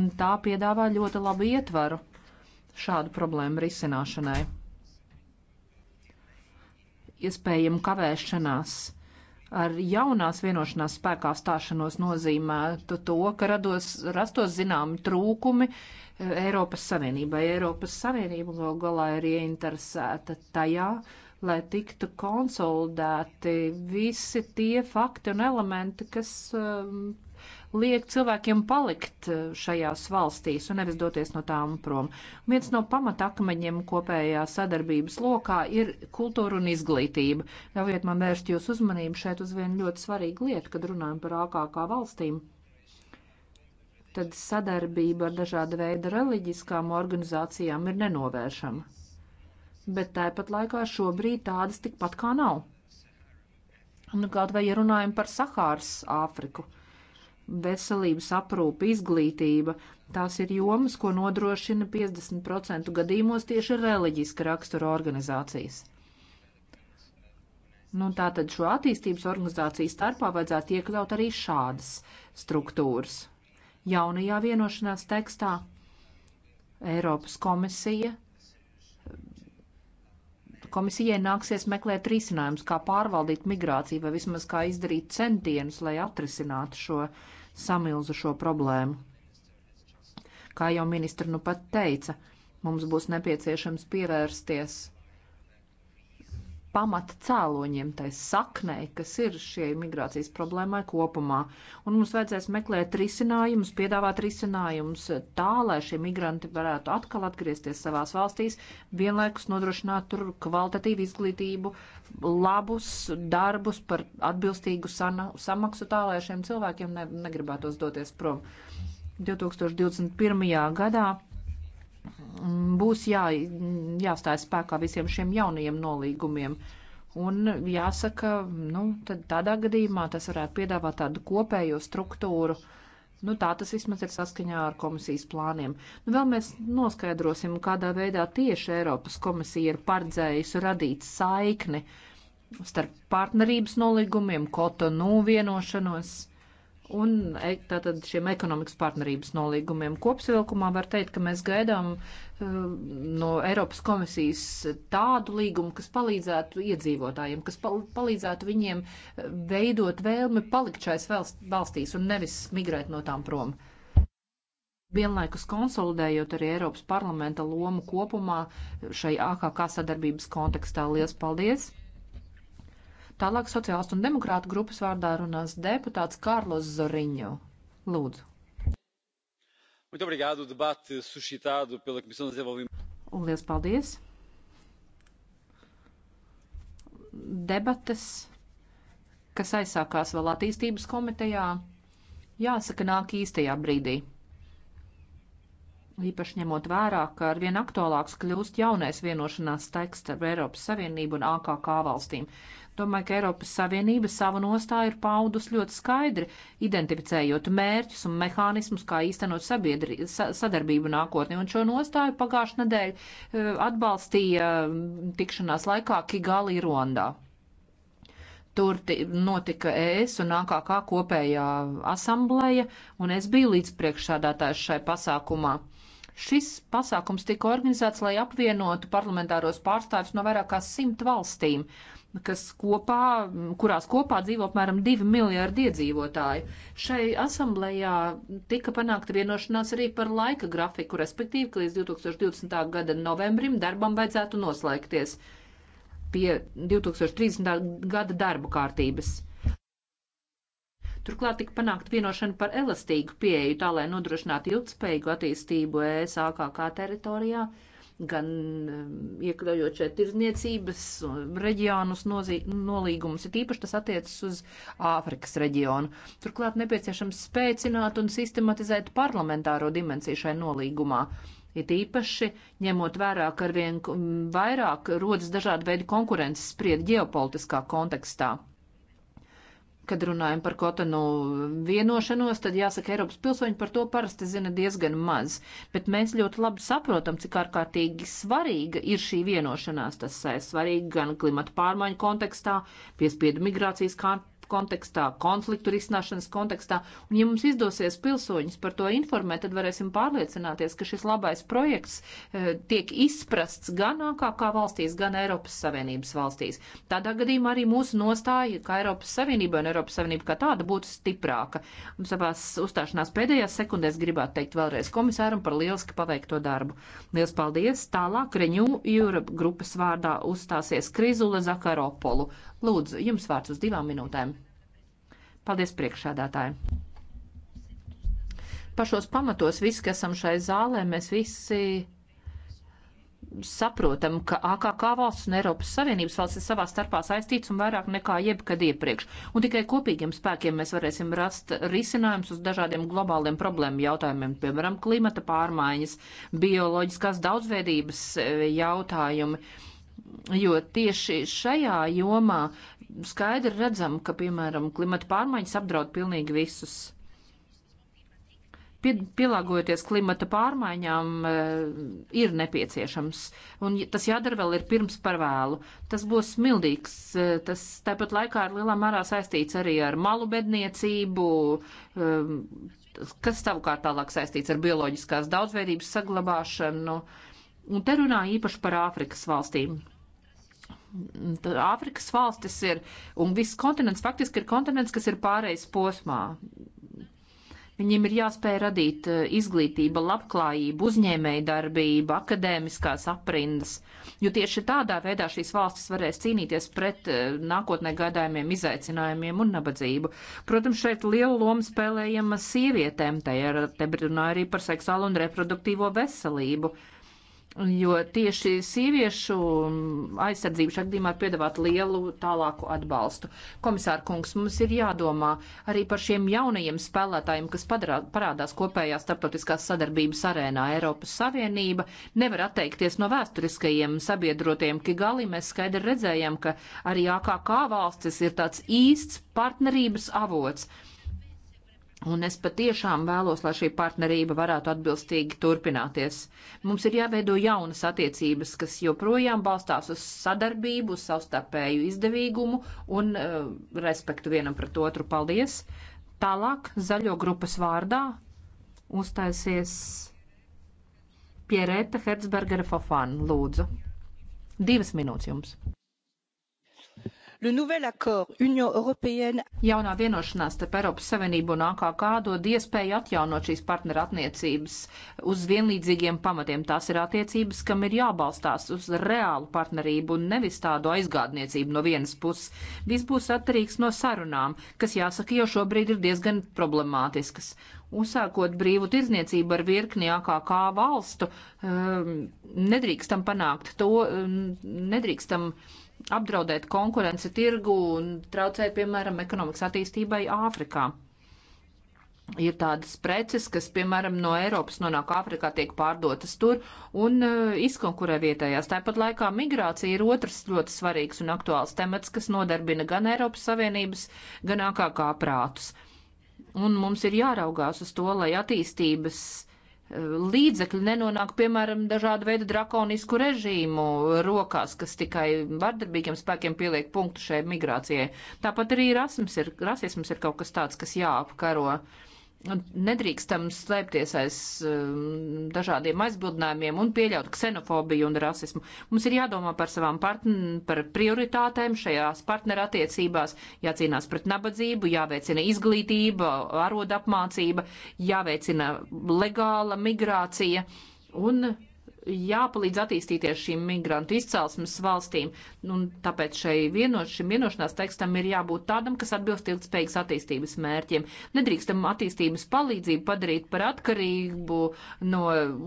un tā piedāvā ļoti labu ietvaru šādu problēmu risināšanai. Iespējama kavēšanās ar jaunās vienošanās spēkā stāšanos nozīmētu to, ka rados, rastos zināmi trūkumi e, Eiropas Savienībai. Eiropas Savienība gal galā ir ieinteresēta tajā, lai tiktu konsolidēti visi tie fakti un elementi, kas um, liek cilvēkiem palikt eh, šajās valstīs un nevis doties no tām prom. Un viens no pamatakmeņiem kopējā sadarbības lokā ir kultūra un izglītība. Ļaujiet man vērst jūs uzmanību šeit uz vienu ļoti svarīgu lietu, kad runājam par ārkārtā valstīm tad sadarbība ar dažāda veida reliģiskām organizācijām ir nenovēršama. Bet tāpat laikā šobrīd tādas tikpat kā nav. Nu, kaut vai ja runājam par Sahāras Āfriku veselības aprūpe, izglītība. Tās ir jomas, ko nodrošina 50% gadījumos tieši reliģiska rakstura organizācijas. Nu, tātad šo attīstības organizāciju starpā vajadzētu iekļaut arī šādas struktūras. Jaunajā vienošanās tekstā Eiropas komisija Komisijai nāksies meklēt risinājumus, kā pārvaldīt migrāciju vai vismaz kā izdarīt centienus, lai atrisinātu šo uh, samilzušo problēmu. Kā jau ministra nu pat teica, mums būs nepieciešams pievērsties pamata cēloņiem, tai saknei, kas ir šie migrācijas problēmai kopumā. Un mums vajadzēs meklēt risinājumus, piedāvāt risinājumus tā, lai šie migranti varētu atkal atgriezties savās valstīs, vienlaikus nodrošināt tur kvalitatīvu izglītību, labus darbus par atbilstīgu sana, samaksu tā, lai šiem cilvēkiem ne, negribētos doties prom. 2021. gadā būs jā, jāstājas spēkā visiem šiem jaunajiem nolīgumiem. Un jāsaka, nu, tad tādā gadījumā tas varētu piedāvāt tādu kopējo struktūru. Nu, tā tas vismaz ir saskaņā ar komisijas plāniem. Nu, vēl mēs noskaidrosim, kādā veidā tieši Eiropas komisija ir paredzējusi radīt saikni starp partnerības nolīgumiem, kotonu vienošanos un e, tātad šiem ekonomikas partnerības nolīgumiem. Kopsvilkumā var teikt, ka mēs gaidām e, no Eiropas komisijas tādu līgumu, kas palīdzētu iedzīvotājiem, kas pal palīdzētu viņiem e, veidot vēlmi palikt šais valstīs un nevis migrēt no tām prom. Vienlaikus konsolidējot arī Eiropas parlamenta lomu kopumā šai AKK sadarbības kontekstā. Lielas paldies! Tālāk sociālistu un demokrātu grupas vārdā runās deputāts Kārlos Zoriņo. Lūdzu. Muito obrigado, debate suscitado pela Comissão de Desenvolvimento. Un liels paldies. Debates, kas aizsākās vēl attīstības komitejā, jāsaka nāk īstajā brīdī. Īpaši ņemot vērā, ka arvien aktuālāks kļūst jaunais vienošanās teksts ar Eiropas Savienību un AKK valstīm. Domāju, ka Eiropas Savienība savu nostāju ir paudus ļoti skaidri, identificējot mērķus un mehānismus, kā īstenot sabiedri, sa sadarbību nākotnē. Un šo nostāju pagājušā nedēļa eh, atbalstīja mm, tikšanās laikā Kigali Rondā. Tur notika ES un AKK kopējā asambleja, un es biju līdzpriekšsādātājs šai pasākumā. Šis pasākums tika organizēts, lai apvienotu parlamentāros pārstāvis no vairāk kā simt valstīm, kas kopā, kurās kopā dzīvo apmēram divi miljardi iedzīvotāji. Šai asamblējā tika panākta vienošanās arī par laika grafiku, respektīvi, ka līdz 2020. gada novembrim darbam vajadzētu noslēgties pie 2030. gada darba kārtības. Turklāt tika panākt vienošana par elastīgu pieeju, tā lai nodrošinātu ilgspējīgu attīstību ES AKK teritorijā, gan um, iekļaujot šeit tirzniecības um, reģionus nozī, nolīgumus, ir īpaši tas attiecas uz Āfrikas reģionu. Turklāt nepieciešams spēcināt un sistematizēt parlamentāro dimensiju šai nolīgumā. It īpaši ņemot vērā, ka arvien vairāk rodas dažādi veidi konkurences spried ģeopolitiskā kontekstā. Kad runājam par Kotonu vienošanos, tad jāsaka, Eiropas pilsoņi par to parasti zina diezgan maz, bet mēs ļoti labi saprotam, cik ārkārtīgi svarīga ir šī vienošanās. Tas ir svarīgi gan klimata pārmaiņu kontekstā, piespiedu migrācijas kārt kontekstā, konfliktu risināšanas kontekstā. Un, ja mums izdosies pilsoņus par to informēt, tad varēsim pārliecināties, ka šis labais projekts e, tiek izprasts gan AKK valstīs, gan Eiropas Savienības valstīs. Tādā gadījumā arī mūsu nostāja, ka Eiropas Savienība un Eiropas Savienība kā tāda būtu stiprāka. Un savās uzstāšanās pēdējās sekundēs gribētu teikt vēlreiz komisāram par lieliski paveikto darbu. Lielas paldies! Tālāk Renew Europe grupas vārdā uzstāsies Krizula Zakaropolu. Lūdzu, jums vārds uz divām minūtēm. Paldies priekšādātāji. Pašos pamatos visi, kas esam šai zālē, mēs visi saprotam, ka AKK valsts un Eiropas Savienības valsts ir savā starpā saistīts un vairāk nekā jebkad iepriekš. Un tikai kopīgiem spēkiem mēs varēsim rast risinājums uz dažādiem globāliem problēmu jautājumiem, piemēram, klimata pārmaiņas, bioloģiskās daudzveidības e, jautājumi jo tieši šajā jomā skaidri redzam, ka, piemēram, klimata pārmaiņas apdraud pilnīgi visus. Pielāgojoties klimata pārmaiņām, e, ir nepieciešams, un tas jādara vēl ir pirms par vēlu. Tas būs smildīgs, e, tas tāpat laikā ir lielā mērā saistīts arī ar malu bedniecību, e, kas savukārt tālāk saistīts ar bioloģiskās daudzveidības saglabāšanu, un te runā īpaši par Āfrikas valstīm. Āfrikas valstis ir, un viss kontinents faktiski ir kontinents, kas ir pārējais posmā. Viņiem ir jāspēj radīt eh, izglītība, labklājība, uzņēmēja darbība, akadēmiskās aprindas, jo tieši tādā veidā šīs valstis varēs cīnīties pret eh, nākotnē gaidājumiem izaicinājumiem un nabadzību. Protams, šeit lielu lomu spēlējama sievietēm, te runāja arī par seksuālu un reproduktīvo veselību. Uh, jo tieši sieviešu aizsardzību šajā gadījumā piedāvāt lielu tālāku atbalstu. Komisāra kungs, mums ir jādomā arī par šiem jaunajiem spēlētājiem, kas padarā, parādās kopējā starptautiskās sadarbības arēnā. Eiropas Savienība nevar atteikties no vēsturiskajiem sabiedrotiem Kigali. Mēs skaidri redzējām, ka arī AKK valstis ir tāds īsts partnerības avots Un es patiešām vēlos, lai šī partnerība varētu atbilstīgi turpināties. Mums ir jāveido jaunas attiecības, kas joprojām balstās uz sadarbību, uz savstarpēju izdevīgumu un uh, respektu vienam pret otru. Paldies! Tālāk zaļo grupas vārdā uztaisies Pierēta Herzbergera Fofāna. Lūdzu, divas minūtes jums! Jaunā vienošanās starp Eiropas Savienību un AKK dod iespēju atjaunot šīs partnerattiecības uz vienlīdzīgiem pamatiem. Tās ir attiecības, kam ir jābalstās uz reālu partnerību un nevis tādu aizgādniecību no vienas puses. Viss būs atkarīgs no sarunām, kas jāsaka jau šobrīd ir diezgan problemātiskas uzsākot brīvu tirzniecību ar virkni AKK valstu, um, nedrīkstam panākt to, um, nedrīkstam apdraudēt konkurenci tirgu un traucēt, piemēram, ekonomikas attīstībai Āfrikā. Ir tādas preces, kas, piemēram, no Eiropas nonāk Āfrikā, tiek pārdotas tur un uh, izkonkurē vietējās. Tāpat laikā migrācija ir otrs ļoti svarīgs un aktuāls temats, kas nodarbina gan Eiropas Savienības, gan AKK prātus. Un mums ir jāraugās uz to, lai attīstības līdzekļi nenonāk, piemēram, dažādu veidu drakonisku režīmu rokās, kas tikai vardarbīgiem spēkiem pieliek punktu šai migrācijai. Tāpat arī rasisms ir, rasisms ir kaut kas tāds, kas jāapkaro. Uh, Nedrīkstam slēpties aiz um, dažādiem aizbildinājumiem un pieļaut ksenofobiju un rasismu. Mums ir jādomā par savām partn par prioritātēm šajās partnerattiecībās, jācīnās pret nabadzību, jāveicina izglītība, aroda apmācība, jāveicina legāla migrācija un jāpalīdz attīstīties šīm migrantu izcelsmes valstīm. Nu, un tāpēc šai vienoš, šim vienošanās tekstam ir jābūt tādam, kas atbilst ilgspējīgas attīstības mērķiem. Nedrīkstam attīstības palīdzību padarīt par atkarību no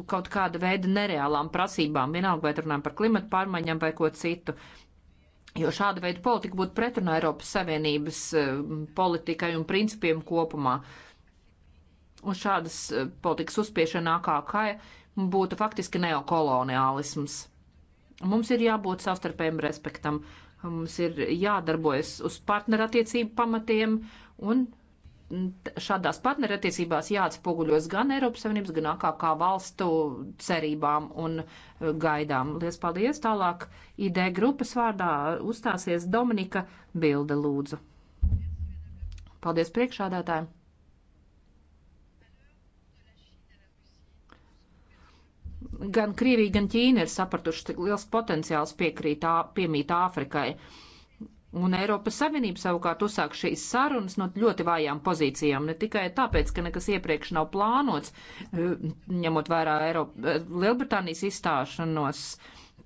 kaut kāda veida nereālām prasībām, vienalga vai runājam par klimatu pārmaiņām vai ko citu. Jo šāda veida politika būtu pretrunā Eiropas Savienības um, politikai un principiem kopumā. Un šādas uh, politikas uzspiešana AKK būtu faktiski neokoloniālisms. Mums ir jābūt savstarpējiem respektam, mums ir jādarbojas uz partnerattiecību pamatiem, un šādās partnerattiecībās jāatspoguļos gan Eiropas Savienības, gan AKK valstu cerībām un gaidām. Lies paldies! Tālāk ID grupas vārdā uzstāsies Dominika Bilde lūdzu. Paldies priekšādātājiem! Gan Krievija, gan Ķīna ir sapratuši, cik liels potenciāls piekrīt, piemīt Āfrikai. Un Eiropas Savienība savukārt uzsāk šīs sarunas no ļoti vājām pozīcijām, ne tikai tāpēc, ka nekas iepriekš nav plānots, eh, ņemot vērā Eiropa, Lielbritānijas izstāšanos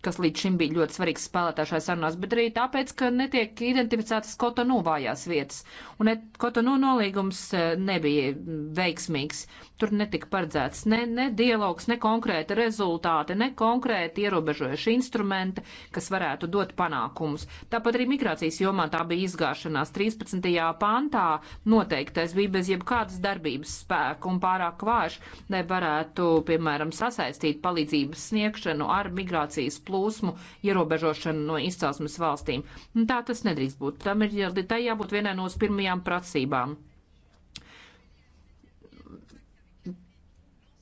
kas līdz šim bija ļoti svarīgs spēlētājs šajā sarunās, bet arī tāpēc, ka netiek identificētas Kotonu vājās vietas. Un Kotonu nolīgums e, nebija veiksmīgs. Tur netika paredzēts ne, ne dialogs, ne konkrēti rezultāti, ne konkrēti ierobežojuši instrumenti, kas varētu dot panākumus. Tāpat arī migrācijas jomā tā bija izgāšanās 13. pantā noteiktais bija bez jebkādas darbības spēka un pārāk vājš, lai varētu, piemēram, sasaistīt palīdzības sniegšanu ar migrācijas plūsmu plūsmu ierobežošanu no izcelsmes valstīm. Un nu, tā tas nedrīkst būt. Tam ir tai jābūt vienai no pirmajām prasībām.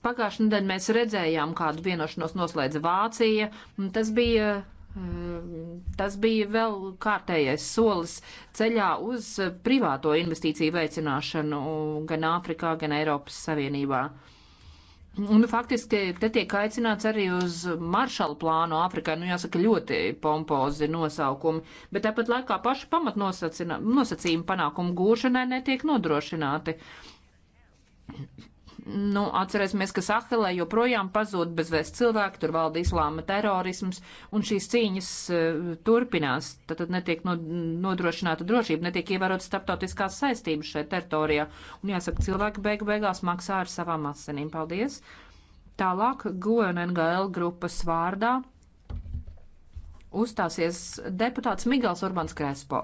Pagājušajā nedēļā mēs redzējām, kādu vienošanos noslēdza Vācija. Tas bija eh, Tas bija vēl kārtējais solis ceļā uz privāto investīciju veicināšanu gan Āfrikā, gan Eiropas Savienībā. Un faktiski te tiek aicināts arī uz maršalu plānu Āfrikā, nu jāsaka ļoti pompozi nosaukumi, bet tāpat laikā paši pamatnosacījumi panākumu gūšanai netiek nodrošināti. Nu, atcerēsimies, ka Sahelē joprojām pazūd bezvēs cilvēki, tur valda islāma terorisms, un šīs cīņas uh, turpinās. Tad, tad netiek no, nodrošināta drošība, netiek ievērot starptautiskās saistības šajā teritorijā. Un jāsaka, cilvēki beigu beigās maksā ar savām asinīm. Paldies! Tālāk GNNGL grupas vārdā uzstāsies deputāts Migals Orbāns Krespo.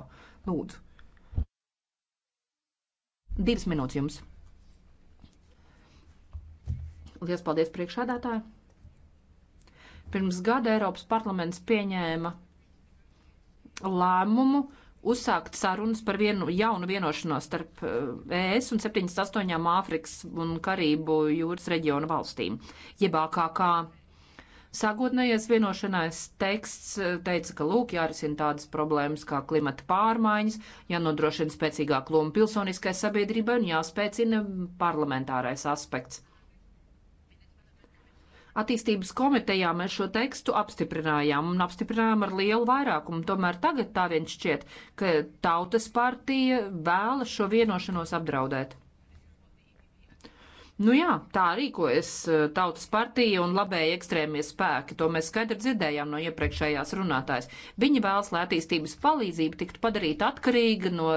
Lūdzu. Divas minūtes jums. Lielas paldies priekšādātāji! Pirms gada Eiropas parlaments pieņēma lēmumu uzsākt sarunas par vienu jaunu vienošanos starp ES eh, e un 78 Āfrikas un Karību jūras reģionu valstīm, jeb AKK. Sākotnējais vienošanās teksts eh, teica, ka lūk, jārisina tādas problēmas kā klimata pārmaiņas, jānodrošina spēcīgāk loma pilsoniskai sabiedrībai un jāspēcina parlamentārais aspekts. Attīstības komitejā mēs šo tekstu apstiprinājām un apstiprinājām ar lielu vairākumu. Tomēr tagad tā viens šķiet, ka Tautas partija vēlas šo vienošanos apdraudēt. Nu jā, tā rīkojas eh, tautas partija un labēji ekstrēmie spēki. To mēs skaidri dzirdējām no iepriekšējās runātājas. Viņi vēlas, lai attīstības palīdzība tiktu padarīta atkarīga no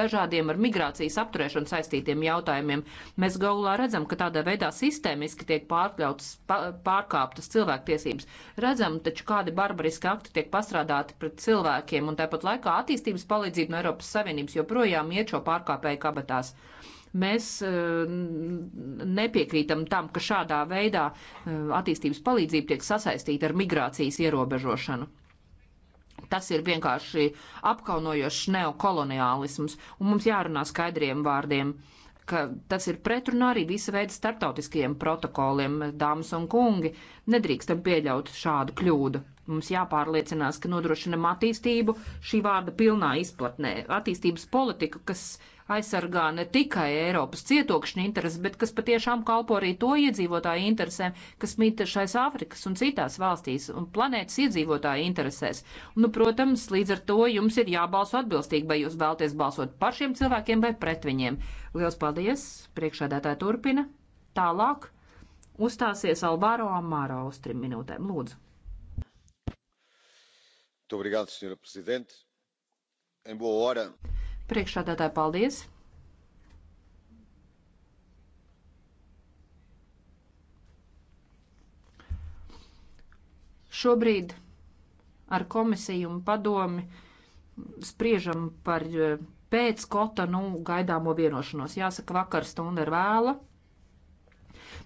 dažādiem ar migrācijas apturēšanu saistītiem jautājumiem. Mēs gaulā redzam, ka tādā veidā sistēmiski tiek pārkļautas, pārkāptas cilvēktiesības. Redzam taču, kādi barbariski akti tiek pastrādāti pret cilvēkiem, un tāpat laikā attīstības palīdzība no Eiropas Savienības joprojām iet šo pārkāpēju kabatās. Mēs eh, nepiekrītam tam, ka šādā veidā eh, attīstības palīdzība tiek sasaistīta ar migrācijas ierobežošanu. Tas ir vienkārši apkaunojošs neokoloniālisms, un mums jārunā skaidriem vārdiem ka tas ir pretrunā arī visa veida starptautiskajiem protokoliem, dāmas un kungi. Nedrīkstam pieļaut šādu kļūdu. Mums jāpārliecinās, ka nodrošinam attīstību šī vārda pilnā izplatnē. Attīstības politika, kas aizsargā ne tikai Eiropas cietokšņa intereses, bet kas patiešām kalpo arī to iedzīvotāju interesēm, kas mītašais Āfrikas un citās valstīs un planētas iedzīvotāju interesēs. Nu, protams, līdz ar to jums ir jābalso atbilstīgi, vai jūs vēlaties balsot par šiem cilvēkiem vai pret viņiem. Lielas paldies! Priekšādātāja turpina. Tālāk uzstāsies Alvaro Amāra uz trim minūtēm. Lūdzu! Obrigado, Sra. Presidente. Em boa hora. Priekšādātāji, paldies! Šobrīd ar komisiju un padomi spriežam par e, pēc kota, nu, gaidāmo vienošanos. Jāsaka, vakar stunda ir vēla.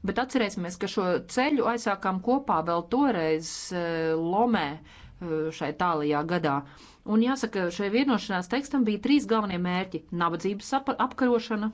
Bet atcerēsimies, ka šo ceļu aizsākām kopā vēl toreiz e, Lomē Eh, šai tālajā gadā. Un jāsaka, šai vienošanās tekstam bija trīs galvenie mērķi - nabadzības apkarošana,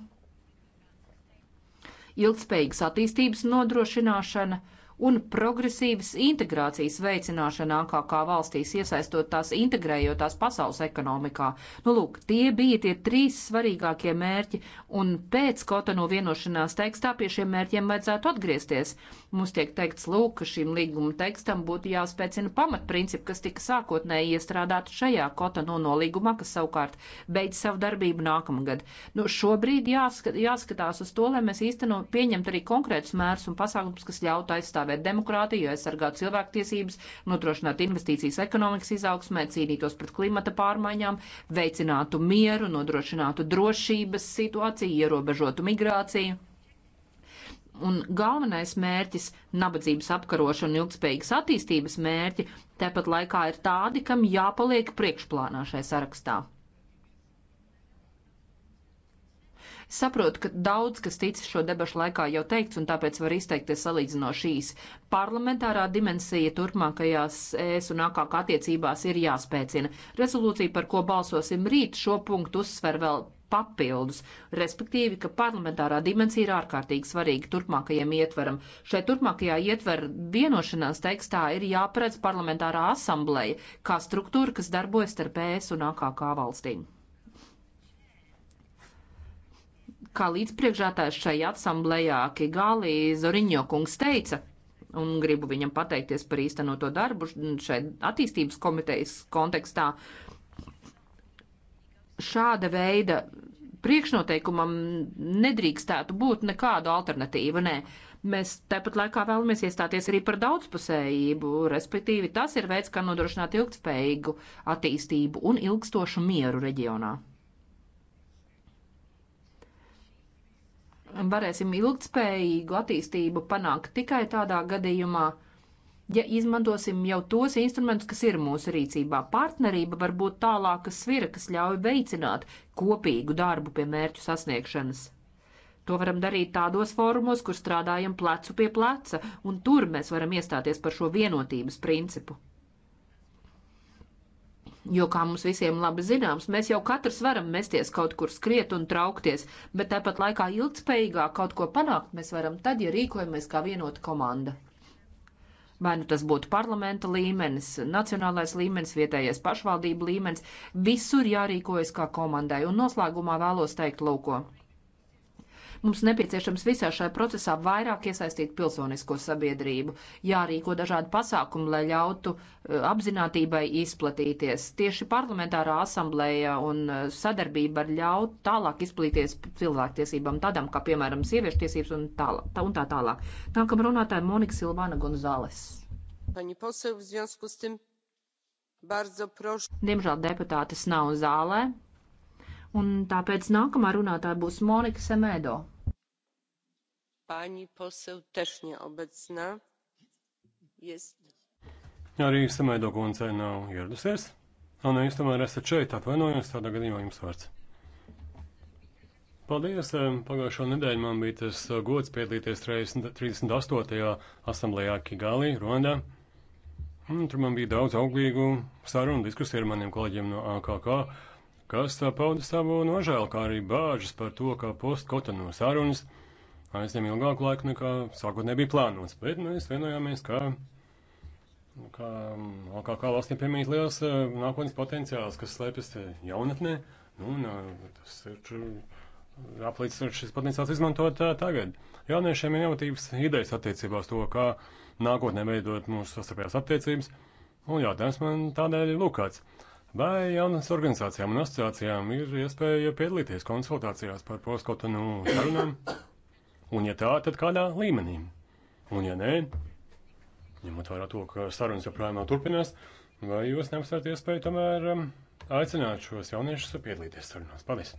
ilgspējīgas attīstības nodrošināšana un progresīvas integrācijas veicināšana AKK valstīs, iesaistot tās integrējot tās pasaules ekonomikā. Nu, lūk, tie bija tie trīs svarīgākie mērķi, un pēc Kotonu vienošanās tekstā pie šiem mērķiem vajadzētu atgriezties. Mums tiek teikts, lūk, ka šim līguma tekstam būtu jāspēcina pamatprincipi, kas tika sākotnēji iestrādāti šajā Kotonu nolīgumā, kas savukārt beidz savu darbību nākamgad. Nu, šobrīd jāskat, jāskatās uz to, lai mēs īstenot pieņemt arī konkrētus mērus un pasākums, kas ļautu aizstāvēt aizstāvēt demokrātiju, aizsargāt cilvēktiesības, nodrošināt investīcijas ekonomikas izaugsmē, cīnītos pret klimata pārmaiņām, veicinātu mieru, nodrošinātu drošības situāciju, ierobežotu migrāciju un galvenais mērķis - nabadzības apkarošana un ilgspējīgas attīstības mērķi - tepat laikā ir tādi, kam jāpaliek priekšplānā šai sarakstā. Saprotu, ka daudz, kas ticis šo debašu laikā jau teikts, un tāpēc var izteikties salīdzinoši īsi. Parlamentārā dimensija turpmākajās ES un AKK attiecībās ir jāspēcina. Rezolūcija, par ko balsosim rīt, šo punktu uzsver vēl papildus, respektīvi, ka parlamentārā dimensija ir ārkārtīgi svarīga turpmākajam ietveram. Šai turpmākajā ietveru vienošanās tekstā ir jāparedz parlamentārā asambleja kā struktūra, kas darbojas starp ES un AKK valstīm. Kā līdzpriekšētājs šai asamblējā Kigali Zoriņo kungs teica, un gribu viņam pateikties par īstenoto darbu šeit attīstības komitejas kontekstā, šāda veida priekšnoteikumam nedrīkstētu būt nekādu alternatīvu, nē. Ne mēs tāpat laikā vēlamies iestāties arī par daudzpusējību, respektīvi tas ir veids, kā nodrošināt ilgspējīgu attīstību un ilgstošu mieru reģionā. varēsim ilgtspējīgu attīstību panākt tikai tādā gadījumā, ja izmantosim jau tos instrumentus, kas ir mūsu rīcībā. Partnerība var būt tālāka svira, kas ļauj veicināt kopīgu darbu pie mērķu sasniegšanas. To varam darīt tādos fórumos, kur strādājam plecu pie pleca, un tur mēs varam iestāties par šo vienotības principu. Jo, kā mums visiem labi zināms, mēs jau katrs varam mesties kaut kur skriet un traukties, bet tāpat laikā ilgspējīgāk kaut ko panākt mēs varam tad, ja rīkojamies kā vienota komanda. Vai nu tas būtu parlamenta līmenis, nacionālais līmenis, vietējais pašvaldība līmenis, visur jārīkojas kā komandai. Un noslēgumā vēlos teikt, lūko, Mums nepieciešams visā šajā procesā vairāk iesaistīt pilsonisko sabiedrību, jārīko dažādi pasākumi, lai ļautu e, apzinātībai izplatīties. Tieši parlamentārā asamblēja un e, sadarbība var ļaut tālāk izplatīties cilvēktiesībām, tādām kā, piemēram, sieviešu tiesības un tā, tā, un tā tālāk. Nākamā runātāja Monika Silvana Gonzales. Pani poseł, w związku z tym bardzo proszę. Diemžēl deputātes nav zālē, un tāpēc nākamā runātāja būs Monika Semedo pani poseł też nieobecna. Jest. Arī Samaido kundze nav ieradusies. Anna, jūs tomēr esat šeit, atvainojos, tādā gadījumā jums vārds. Paldies! Pagājušo nedēļu man bija tas gods piedalīties 38. asamblējā Kigali, Rondā. Un mm, tur man bija daudz auglīgu sarunu diskusiju ar maniem kolēģiem no AKK, kas pauda savu nožēlu, kā arī bāžas par to, ka postkotanu sarunas. No aizņem ilgāku laiku nekā sākotnēji bija plānots, bet mēs vienojāmies, ka, nu, ka AKK valstīm piemīt liels eh, nākotnes potenciāls, kas slēpjas eh, jaunatnē, nu, un eh, tas ir aplīts ar šis potenciāls izmantot tagad. Jauniešiem ir jautības idejas attiecībās to, kā nākotnē veidot mūsu sastarpējās attiecības, un jautājums man tādēļ ir lūkāts. Vai jaunas organizācijām un asociācijām ir iespēja piedalīties konsultācijās par postkotu nu sarunām? Un ja tā, tad kādā līmenī? Un ja nē, ņemot vērā to, ka sarunas joprojām vēl turpinās, vai jūs neapsvērt iespēju tomēr um, aicināt šos jauniešus piedalīties sarunās? Paldies!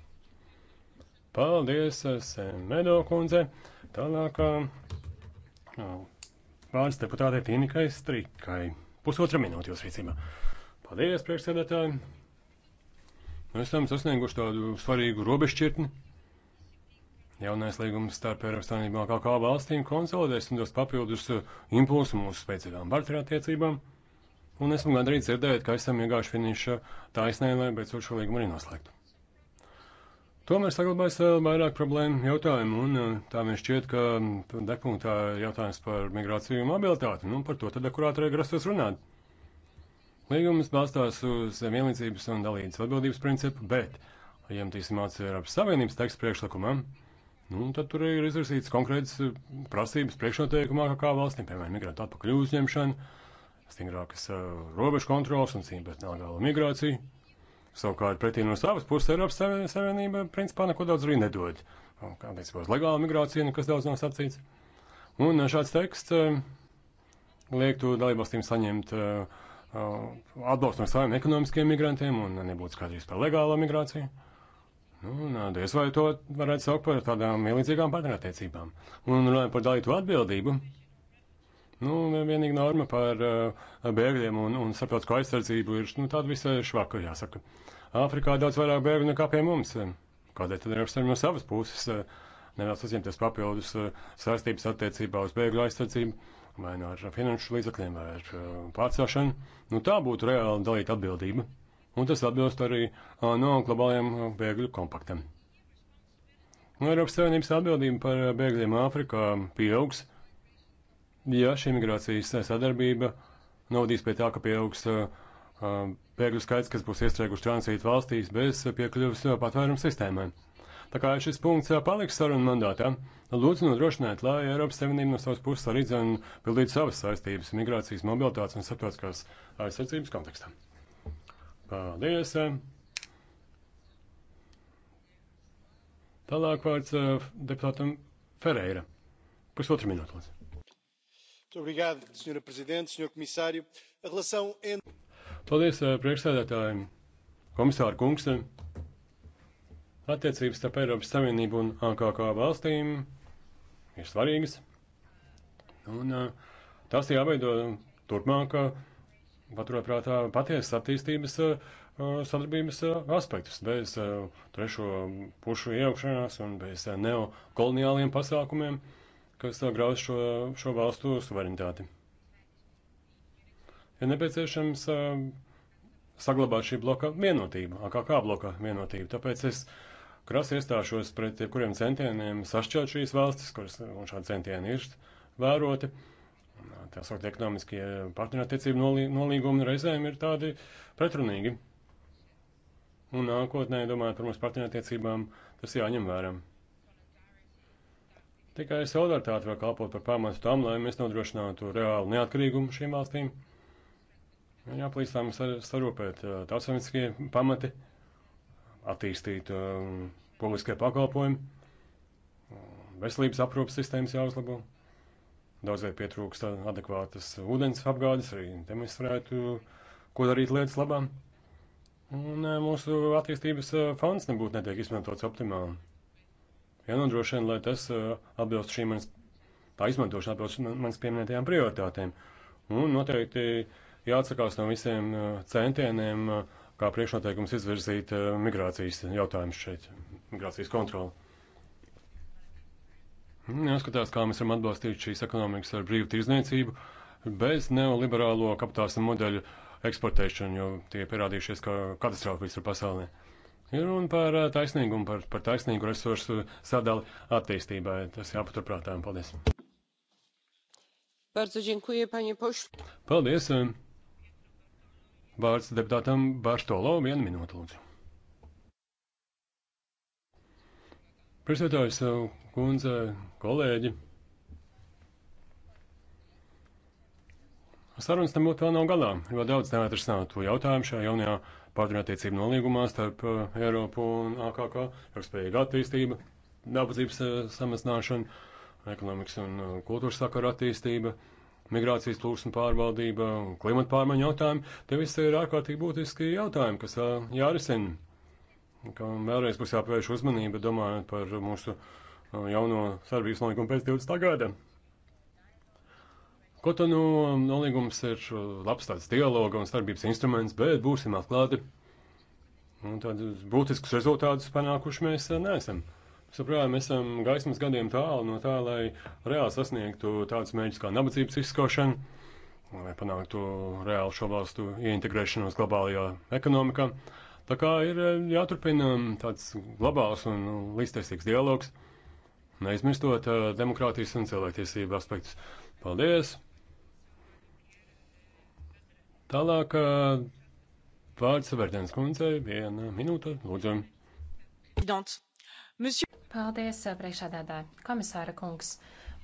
Paldies, uh, Medo kundze! Tālāk uh, uh, vārds deputātei Finikai Strikai. Pusotra minūte jūs rīcībā. Paldies, priekšsēdētāji! Mēs esam sasnieguši tādu svarīgu robežšķirtni Jaunais līgums starp Eiropas Savienību un AKK valstīm konsolidēs un dos papildus uh, impulsu mūsu spēcīgām partnerattiecībām. Un esmu gandrīz dzirdējis, ka esam iegājuši finiša taisnē, lai beidzot šo līgumu arī noslēgtu. Tomēr saglabājas vēl uh, vairāk problēmu jautājumu, un uh, tā man šķiet, ka um, deputātā ir jautājums par migrāciju un mobilitāti, un nu, par to tad akurātrai grasos runāt. Līgums balstās uz vienlīdzības un dalītas atbildības principu, bet, ja jums tīsim atsver ap Savienības tekstu priekšlikumam, Nu, tad tur ir izvirzīts konkrētas eh, prasības priekšnoteikumā, kā valstīm, piemēram, migrantu atpakaļ uzņemšana, stingrākas uh, robežu kontrolas un cīņa pret nelegālo migrāciju. Savukārt, pretī no savas puses, Eiropas Savienība principā neko daudz arī nedod. Kā attiecībā uz legālu migrāciju, nekas daudz nav sacīts. Un eh, šāds teksts uh, liektu dalībvalstīm saņemt uh, atbalstu no saviem ekonomiskiem migrantiem un nebūtu skatīts par legālo migrāciju. Un diez vai to varētu saukt par tādām ielīdzīgām partnerattiecībām. Un runājot par dalītu atbildību, nu, vienīgi norma par uh, bēgļiem un, un starptautisko aizsardzību ir nu, tāda visai švaka, jāsaka. Āfrikā daudz vairāk bēgļu nekā pie mums. Kādēļ tad Eiropas Savienība no savas puses uh, nevēlas uzņemties papildus uh, saistības attiecībā uz bēgļu aizsardzību? Vai no ar finanšu līdzakļiem, vai ar uh, pārcelšanu. Nu, tā būtu reāla dalīta atbildība un tas atbilst arī ANO globālajiem bēgļu kompaktam. Un Eiropas Savienības atbildība par bēgļiem Āfrikā pieaugs, ja šī migrācijas sadarbība novadīs pie tā, ka pieaugs bēgļu skaits, kas būs iestrēguši tranzītu valstīs bez piekļuvas patvērumu sistēmai. Tā kā šis punkts paliks sarunu mandātā, lūdzu nodrošināt, lai Eiropas Savienība no savas puses arī dzēn pildītu savas saistības migrācijas, mobilitātes un starptautiskās aizsardzības kontekstā. Paldies! Tālāk vārds uh, deputātam Ferreira. Pusotru minūtu, lūdzu. Paldies, uh, priekšsēdētāji, komisāra kungs. Attiecības starp Eiropas Savienību un AKK valstīm ir svarīgas. Un, uh, tas jāveido turpmāk paturprātā patiesas attīstības uh, sadarbības uh, aspektus, bez uh, trešo pušu iejaukšanās un bez neokoloniāliem pasākumiem, kas grauž šo, šo valstu suverenitāti. Ir ja nepieciešams saglabāt šī bloka vienotību, AKK bloka vienotību, tāpēc es krasi iestāšos pret jebkuriem centieniem sašķelt šīs valstis, kuras un šādi centieni ir vēroti. Uh, tā saukt ekonomiskie partnerattiecību nolīgumi reizēm ir tādi pretrunīgi. Un nākotnē, domājot par mūsu partnerattiecībām, tas jāņem vērā. Tikai solidaritāte var kalpot par pamatu tam, lai mēs nodrošinātu reālu neatkarīgumu šīm valstīm. Jāplīst, lai mums sarūpēt tautsvērtīgie pamati, attīstīt publiskie pakalpojumi, veselības aprūpas sistēmas jāuzlabo. Daudzai pietrūkst adekvātas ūdens apgādes, arī te mēs varētu ko darīt lietas labā. Un e, mūsu attīstības e, fonds nebūtu netiek izmantots optimāli. Jānodrošina, lai tas e, atbilst šīm manas, tā izmantošana atbilst manas pieminētajām prioritātēm. Un noteikti jāatsakās no visiem centieniem, kā priekšnoteikums izvirzīt migrācijas jautājumus šeit, migrācijas kontroli. Jāskatās, kā mēs varam atbalstīt šīs ekonomikas ar brīvu tirzniecību bez neoliberālo kapitālismu modeļu eksportēšanu, jo tie pierādījušies kā katastrofa visur pasaulē. Ir runa par eh, taisnīgumu, par, par taisnīgu resursu sadali attīstībai. Tas jāpaturprātā. Paldies! Bardzo dziękuję, panie pośle. Paldies! Vārds deputātam Bārstolo, vienu minūtu lūdzu. Priekšsēdājs, eh, kundze, kolēģi. Sarunas tam vēl nav galā. Ir vēl daudz neatrisinātu jautājumu šajā jaunajā pārdomātiecību nolīgumā starp eh, Eiropu un AKK, ilgspējīga attīstība, nabadzības eh, samazināšana, ekonomikas un eh, kultūras sakaru attīstība, migrācijas plūsmu pārvaldība, klimata pārmaiņu jautājumi. Tie visi ir ārkārtīgi būtiski jautājumi, kas jārisina. Kam vēlreiz būs jāpievērš uzmanība, domājot par mūsu uh, jauno sadarbības nolīgumu pēc 20. gada. Kotonu nolīgums ir labs tāds dialoga un sadarbības instruments, bet būsim atklāti. Un tādus būtiskus rezultātus panākuši mēs neesam. Saprāt, mēs esam gaismas gadiem tālu no tā, lai reāli sasniegtu tādus mēģus kā nabadzības izskaušana, lai panāktu reāli šo valstu ieintegrēšanos globālajā ekonomikā. Tā kā ir jāturpina tāds globāls un nu, līdztiesīgs dialogs neaizmirstot uh, demokrātijas un cilvēktiesību aspektus. Paldies! Tālāk uh, vārds Verdens kundzei, viena minūte, lūdzu. Paldies, eh, priekšādātāji. Komisāra kungs,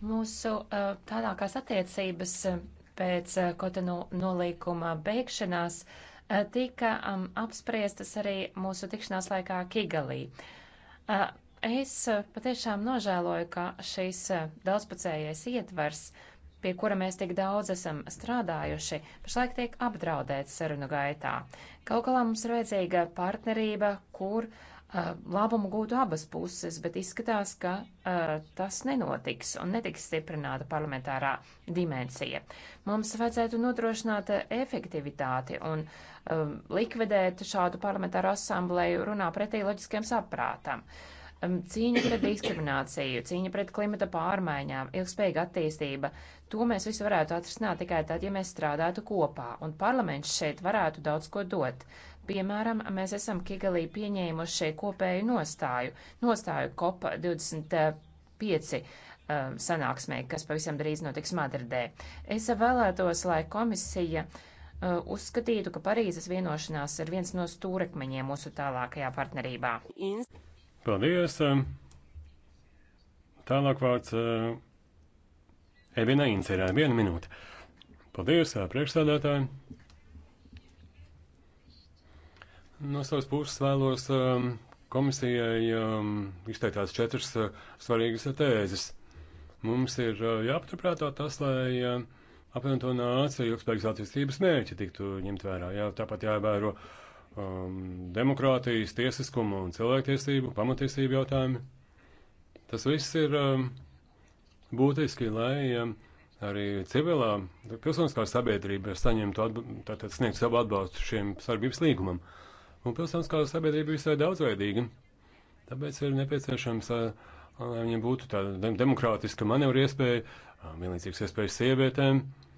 mūsu uh, tālākās attiecības pēc Kotonu nolīkuma beigšanās tika um, apspriestas arī mūsu tikšanās laikā Kigalī. Uh, Es eh, patiešām nožēloju, ka šis eh, daudzpacējais ietvers, pie kura mēs tik daudz esam strādājuši, pašlaik tiek apdraudēts sarunu gaitā. Kaut galā mums ir vajadzīga partnerība, kur uh, labumu gūtu abas puses, bet izskatās, ka uh, tas nenotiks un netiks stiprināta parlamentārā dimensija. Mums vajadzētu nodrošināt efektivitāti un uh, likvidēt šādu parlamentāru asambleju runā pretī loģiskiem saprātam. Uh, Um, cīņa pret diskrimināciju, cīņa pret klimata pārmaiņām, ilgspējīga attīstība. To mēs visu varētu atrisināt tikai tad, ja mēs strādātu kopā, un parlaments šeit varētu daudz ko dot. Piemēram, mēs esam Kigalī pieņēmuši kopēju nostāju, nostāju COP 25 um, sanāksmē, kas pavisam drīz notiks Madridē. Es vēlētos, lai komisija uh, uzskatītu, ka Parīzes vienošanās ir viens no stūrekmeņiem mūsu tālākajā partnerībā. Inst Paldies! Tālāk vārds eh, Evina Incerē. Viena minūte. Paldies, eh, priekšsādātāji! No savas puses vēlos eh, komisijai izteikt tās četras svarīgas tēzes. Mums ir jāpaturprātā tas, lai apvienoto nāciju ilgspējīgas attīstības mērķi tiktu ņemt vērā. Jā, tāpat jāievēro. Uh, um, demokrātijas, tiesiskuma un cilvēktiesību, pamatiesību jautājumi. Tas viss ir um, būtiski, lai um, arī civilā pilsoniskā sabiedrība saņemtu, tātad sniegtu savu atbalstu šiem sarbības līgumam. Un pilsoniskā sabiedrība visai daudzveidīga, tāpēc ir nepieciešams, uh, lai viņiem būtu tāda demokrātiska manevra iespēja, uh, vienlīdzīgas iespējas sievietēm. Uh,